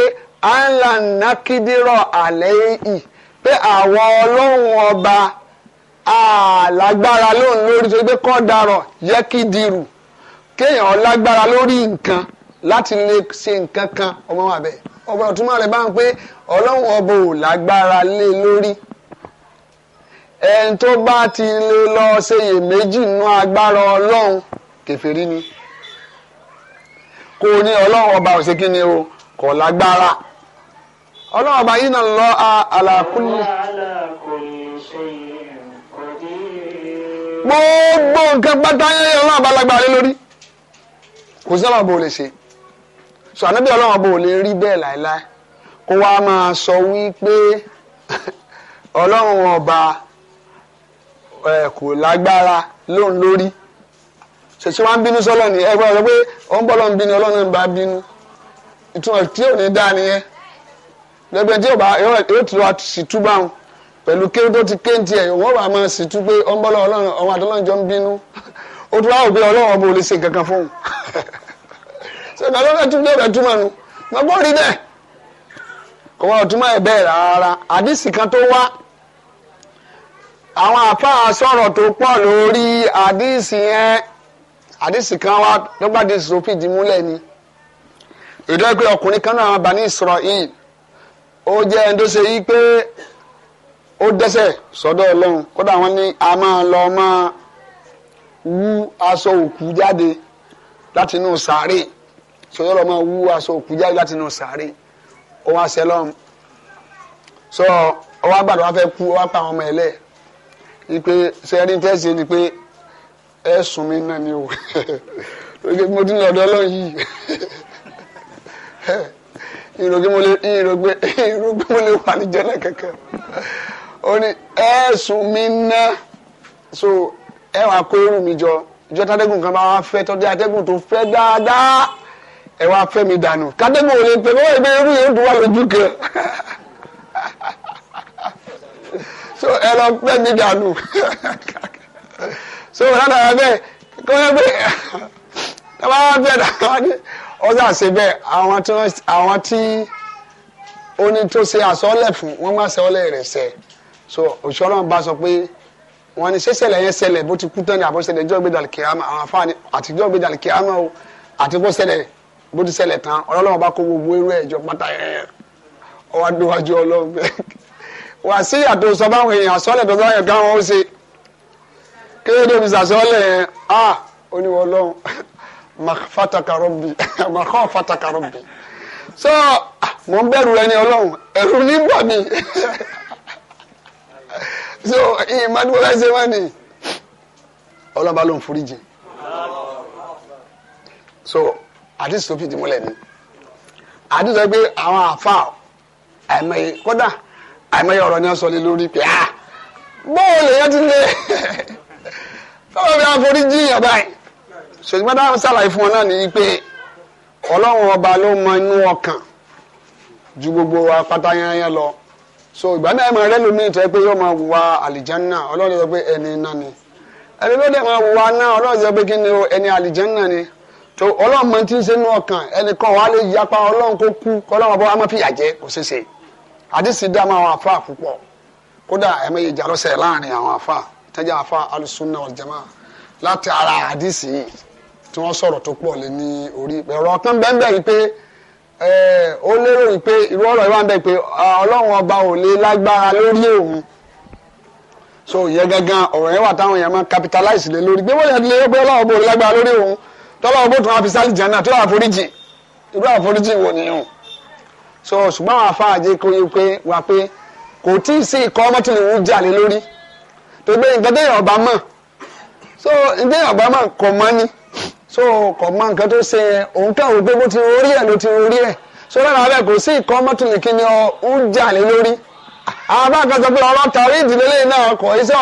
nàkídírọ̀ àlẹ́ yìí pé àwọn ọlọ́run ọba àlágbára lóun lórí pé kọ́ darọ̀ yẹ kí dirù kéèyàn lágbára lórí nǹkan láti lè ṣe nǹkan kan ọmọ wa bẹ́ẹ̀ ọ̀túnmọ̀ rẹ̀ bá ń pé ẹni tó bá ti lè lọ ṣeyèméjì nínú agbára ọlọ́run kèfèrí ni kò ní ọlọ́run ọba ò ṣe kí ni o kò lágbára ọlọ́run ọba yìí náà lọ àlàkùnlé. gbogbo nǹkan pátá yẹn ọlọ́run ọba lágbára lé lórí kò sí ọlọ́run ọba ò lè ṣe so ànábì ọlọ́run ọba ò lè rí bẹ́ẹ̀ láéláé kó wá máa sọ wípé ọlọ́run ọba kò lágbára lóun lórí ṣèṣe wá ń bínú sọlọ ni ẹ gbọ́dọ̀ pé òun bọlọ ń bínú Ọlọ́run ń bá bínú ìtumọ̀ tí ò ní dá nìyẹn lẹgbẹ tí yóò bá yóò tún wá sì túbà wọn pẹ̀lú kéwù tó ti kéǹtì ẹ wọn wà máa sì tú pé òun bọlọ Ọlọ́run ọmọ àtọlọrun jọ ń bínú ó tún wá wò pé Ọlọ́run ọba ò lè ṣe kankan fún un ṣe ìdálọ́rẹ́ tún bẹ̀rẹ̀ túmọ̀ nu mọ̀ bó rí bẹ́ẹ̀ kò wá òtúmọ̀ ẹ̀ bẹ́ẹ̀ rárá àdìsí kan tó wá àwọn àfáà sọ̀rọ̀ tó pọ̀ lórí àdìsí yẹn àdìsí kan wá nígbà tí sòfin di múlẹ̀ ni ìdọ́ pé ọkùnrin kan náà bá ní Israel ó jẹ́ ẹni tó ṣe yí pé ó dẹ́sẹ̀ sọ́dọ̀ ọlọ́run kódà wọ́n ní a máa lọ máa wú aṣọ òkú jáde láti inú sàárè sọ́dọ̀ lọ́ máa wú aṣọ òkú jáde láti inú sàárè ó wá ṣẹlọ́run sọ ọ wá gbàdúrà fẹ́ kú ó wá pa àwọn ọmọ ẹ̀ ipe sẹ́ni tẹ́sí ni pé ẹ sùn náà ni o lórí mo ti lọ́dọ̀ lọ́yìn ìrògbé mo lè ìrògbé ìrògbé mo lè wà ní jẹ́nà kankan ó ní ẹ sùn náà so ẹ wàá kó irun mi jọ ìjọ tádẹ́gùn kan bá wá fẹ́ tọ́jú atẹ́gùn tó fẹ́ dáadáa ẹ wàá fẹ́ mi dànù tádẹ́gùn ò lè pẹ́ bọ́wọ́ ìbéèrè irú yẹn ó dùn lójú kan so ẹ lọ pẹ́ mi dànù so ládàá bẹ́ẹ̀ kí wọ́n gbé tọ́ba bẹ́ẹ̀ dàgbà ní ọ̀sà ṣe bẹ́ẹ̀ àwọn tí ó ní tó ṣe àsọ́ọ́lẹ̀ fún wọ́n má ṣe ọ́lẹ̀ rẹ̀ ṣẹ so òṣìṣẹ́ ọlọ́run bá sọ pé wọ́n ní ṣẹṣẹlẹ̀ yẹn ṣẹlẹ̀ bó ti kú tán ní àbọ̀ṣẹlẹ̀ ìjọ́ gbé dàlùkì àmọ́ àwọn afáàní àtijọ́ gbé dàlùkì àmọ́ o àti bó bó ti ṣẹlẹ̀ tán ọlọ́run bá kó gbogbo irú ẹ̀jọ́ pátá yẹn ọwọ́ adúwájú ọlọ́run bẹ́ẹ̀ wà sí ìyàtọ̀ sọ báwọn èèyàn sọ́lẹ̀ tó báyọ̀ káwọn ó ṣe kéde fi sàsọ́lẹ̀ yẹn a oníwọ̀ ọlọ́run màkàfàtàkàrọ̀bì màkàfàtàkàrọ̀bì so mo ń bẹ̀rù ẹni ọlọ́run ẹ̀rù nígbà mi so ìmọ̀dúnwó lẹ́sẹ̀ wọ́n ni ọlọ́ba ló ń foríjì so àdìsí tó fìdí múlẹ̀ ni àdìsí tó gbé àwọn àfa àìmọye kódà àìmọye ọ̀rọ̀ ni wọ́n sọ lé lórí pé ah bóò lèyàn ti lé tọ́wọ́ bí àforí jiyàn báyìí ṣùgbọ́n táwọn ṣàlàyé fún wọn náà nìyí pé ọlọ́run ọba ló mọ inú ọkàn ju gbogbo wa pátá yányán lọ so ìgbà náà máa rẹ́ lómi ìtọ́ pé yóò máa wà àlìjánná ọlọ́run sọ pé ẹni iná ni ẹni ló dẹ̀ máa wà náà ọlọ́run sọ pé kí ni ẹni àlìjánná ni tó ọlọ́run mọ ti ń ṣe inú ọkàn ẹnìkan wàá lè yapa ọlọ́run kó kú kọ́ ọlọ́run ọba wa máa fìyà jẹ kò ṣeé àdìsí dá mọ́ àwọn afa púpọ̀ kódà ẹ̀ mẹ́yẹ ìjà lọ́sẹ̀ láàrin àwọn afa tẹ́jà afa alùsùnà ọ̀jẹ̀má láti ara àdìsí yìí tí wọ́n sọ̀rọ̀ tó pọ̀ lé ní orí ẹ̀rọ kan bẹ́ẹ̀ yìí pé ó lérò yìí pé irú ọ̀rọ̀ yìí wà bẹ́ẹ̀ pé ọlọ́run ọba ò lè lágbára lórí òun so ìyẹn gangan ọ̀rọ̀ yẹn wà táwọn èèyàn máa capitalize lé lórí gbé wọ́n yẹn lé pé ọlọ́run ọba ò lè lágbára lórí òun tọ́lọ́run bó tún wá fi sálì jẹ́ náà tó àforíjì irú àforíjì wò nìyẹn so ṣùgbọ́n àwọn afáàjẹ kò yí pé wá pé kò tí ì sí ikọ̀ ọba mọ̀ so téèyàn ọba mọ̀ kò mọ́ ni so kò mọ tó ṣe òun wò ti orí ẹ̀ ló ti orí so lára abịa kò sí ikọ̀ ọmọ ni sọ pé ọ̀rọ̀ tàrí ìdílé náà kò ọ̀rọ̀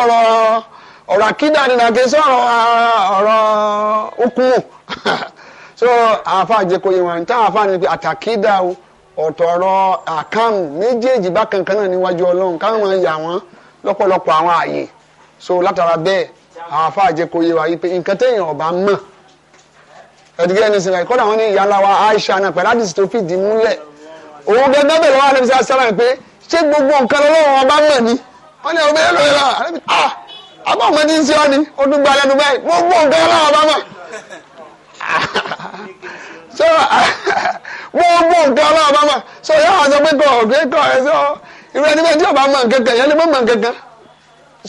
ọ̀rọ̀ so táwọn ọ̀tọ̀ọ̀rọ̀ àkàmù méjèèjì bákan kan náà níwájú ọlọ́run káwọn máa yà wọ́n lọ́pọ̀lọpọ̀ àwọn àyè so látara bẹ́ẹ̀ àwọn afáà jẹ́ kó yé wa yìí pé nǹkan téèyàn ọba mọ̀ ẹ̀dùkẹ́ ẹni sìnkà ìkọ́dà wọn ní ìyá ńlá wa Aisha náà pẹ̀lú àdìsí tó fìdí múlẹ̀ òun gẹ́gẹ́ bẹ̀rẹ̀ wà lẹ́bi sáà sábà pé ṣé gbogbo nǹkan lọ́wọ́ wọn mọ̀ ni wọ́n ní ọ̀bẹ ah abọ́ ọmọ ti ń ṣe ọ́ ni ó dún gba lẹ́nu gbogbo nǹkan oh, ọlọ́run bá mọ̀ so yóò wá sọ pé kọ ọ̀gbẹ́ kọ ẹ sọ bẹ́ẹ̀ tí ọba mọ̀ nkankan yẹn lè mọ̀ mọ̀ nkankan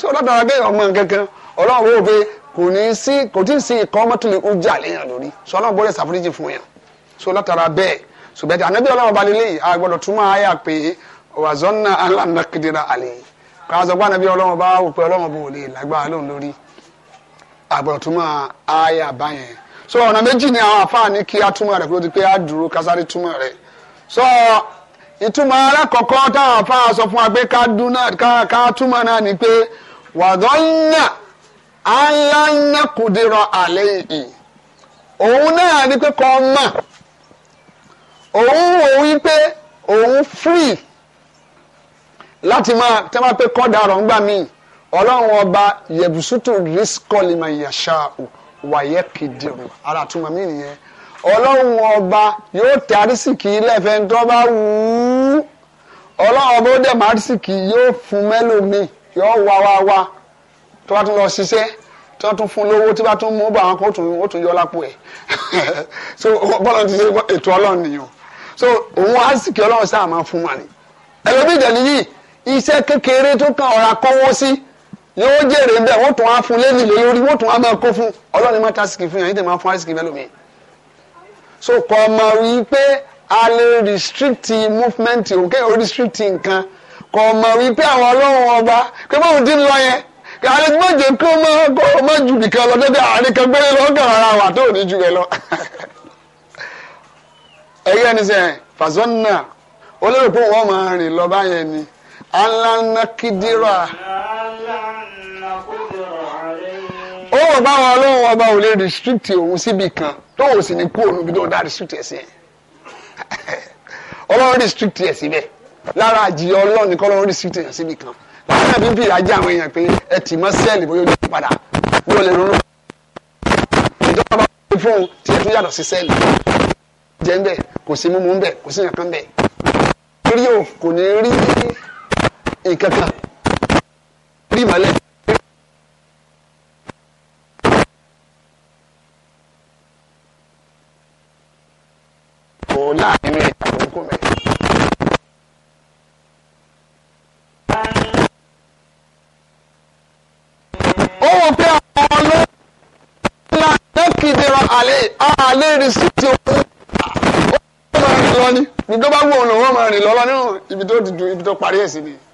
so látara pé ọmọ nkankan ọlọ́run wò pé kò ní sí kò tí ì sí ikọ́ mọ́tòlì lórí ọlọ́run bọ́lẹ̀ sàfúrìjì fún yàn látara bẹ́ẹ̀ bẹ́ẹ̀ tí ọlọ́run túmọ̀ pé àlè gbọ́ ọlọ́run bá wò pé ọlọ́run bò so ọ̀nà méjì ni àwọn àfáàní kí a túmọ̀ rẹ̀ kó ti pé a dúró kásáré túmọ̀ rẹ̀ so ìtumọ̀ alákọ̀ọ́kọ́ táwọn àfáà sọ fún wa pé ká túmọ̀ náà ni pé wàdọ́nà aláǹnàkùdìrọ̀ àlẹ́ yìí òun náà ni pé kọ́ mà òun wò wípé òun free láti máa tẹ́ máa pé kọ́ dàrọ̀ ńgbà míì ọlọ́run ọba yẹ̀bùsùtù rìsíkọ́lì mà òkú wàyẹ kìdìrù ara túmọ̀ mí nìyẹn ọlọ́run ọba yóò tẹ arísìkì lẹ́fẹ̀ẹ́ tó bá wù ú ọlọ́run ọba ó dẹ̀ mọ arísìkì yóò fún mẹ́lòmíì yóò wá wá wá tó bá tún lọ ṣiṣẹ́ tí wọ́n tún fún lówó tí bá tún mú bá àwọn kan ó tún yọ lápò ẹ̀ so bọ́lá ti ṣe ètò ọlọ́run nìyẹn so òun arísìkì ọlọ́run sáà máa fún wa ni ẹlòmíì dẹ̀ nìyí iṣẹ́ kékeré tó kàn ọ̀rà kọ́wọ́ sí. Si ni ó jèrè bẹ́ẹ̀ tún á fún lẹ́nu lórí wọ́n tún á kó fún ọlọ́ni má fún yàn yín tẹ̀ máa fún àìsìkì mẹ́lòmí. so kọ ọ máa pé a lè restrict movement òun kéèyàn restrict nǹkan kọ́ ọ pé àwọn ọlọ́run ọba pé lọ yẹn kí alẹ́ tí wọ́n kí wọ́n máa kọ́ nìkan lọ àárín kan kàn ara wà tó ó wọ̀ bá wọn ọlọ́run ọba ò lè restrict òun síbi kan tó wò sí ní kú òun bí tó dá restrict ẹ̀ sí yẹn ọlọ́run restrict ẹ̀ síbẹ̀ lára àjìyà ọlọ́run ní kọ́ ọlọ́run restrict ẹ̀ síbi kan lára bí bí ìrajà àwọn èèyàn pé ẹ tì mọ́ sẹ́ẹ̀lì bóyá ojú padà bí ó lè ronú ìjọba bá wọn fún un tí ẹ tún yàtọ̀ sí sẹ́ẹ̀lì jẹ́ ń bẹ̀ kò sí mímú ń bẹ̀ kò sí nǹkan bẹ̀ rí o kò ní rí nǹkan òun náà nínú ìjà burúkú mi. ó wọ pé àwọn ọlọ́run ńlá lẹ́kìdìrán àlẹ́ àlẹ́ rìsíìtì òun ó máa rìn lọ ní ní tó bá wù òun lòun ó máa rìn lọ́lọ́ nínú ibi tó parí ẹ̀ sí nìyẹn.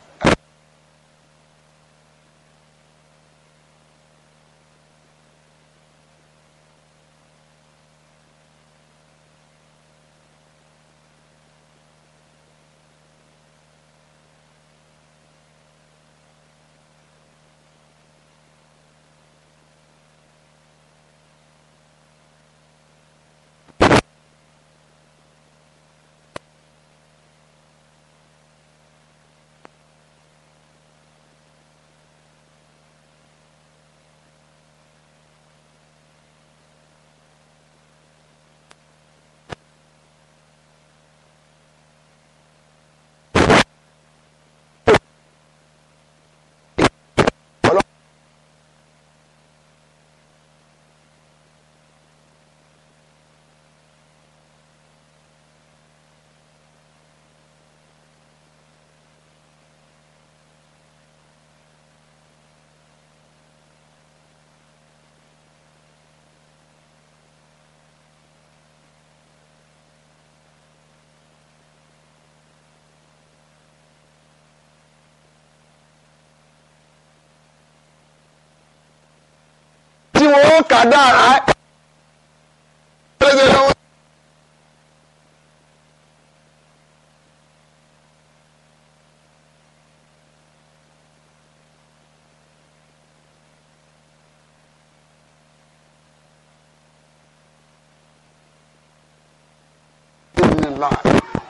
ó kádàrá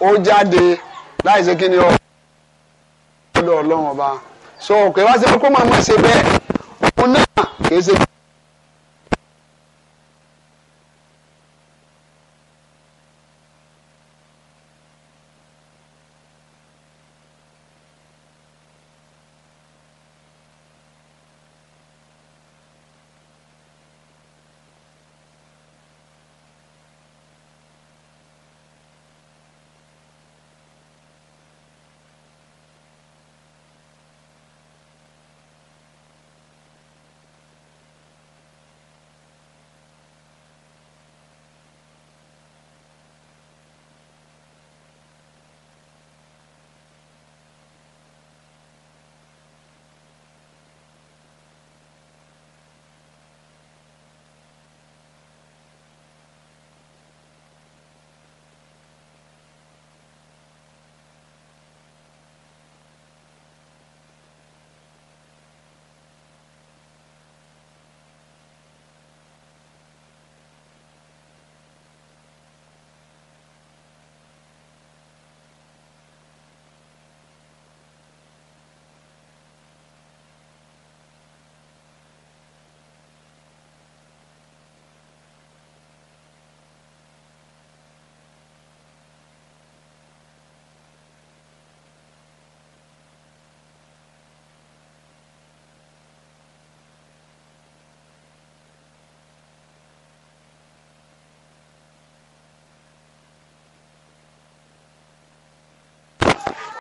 ó jáde láì ṣe kí ni ọ ọ̀dọ̀ Ọlọ́run ọba so kò wá ṣe pé kó máa má ṣe bẹ́ẹ̀ òun náà kì í ṣe.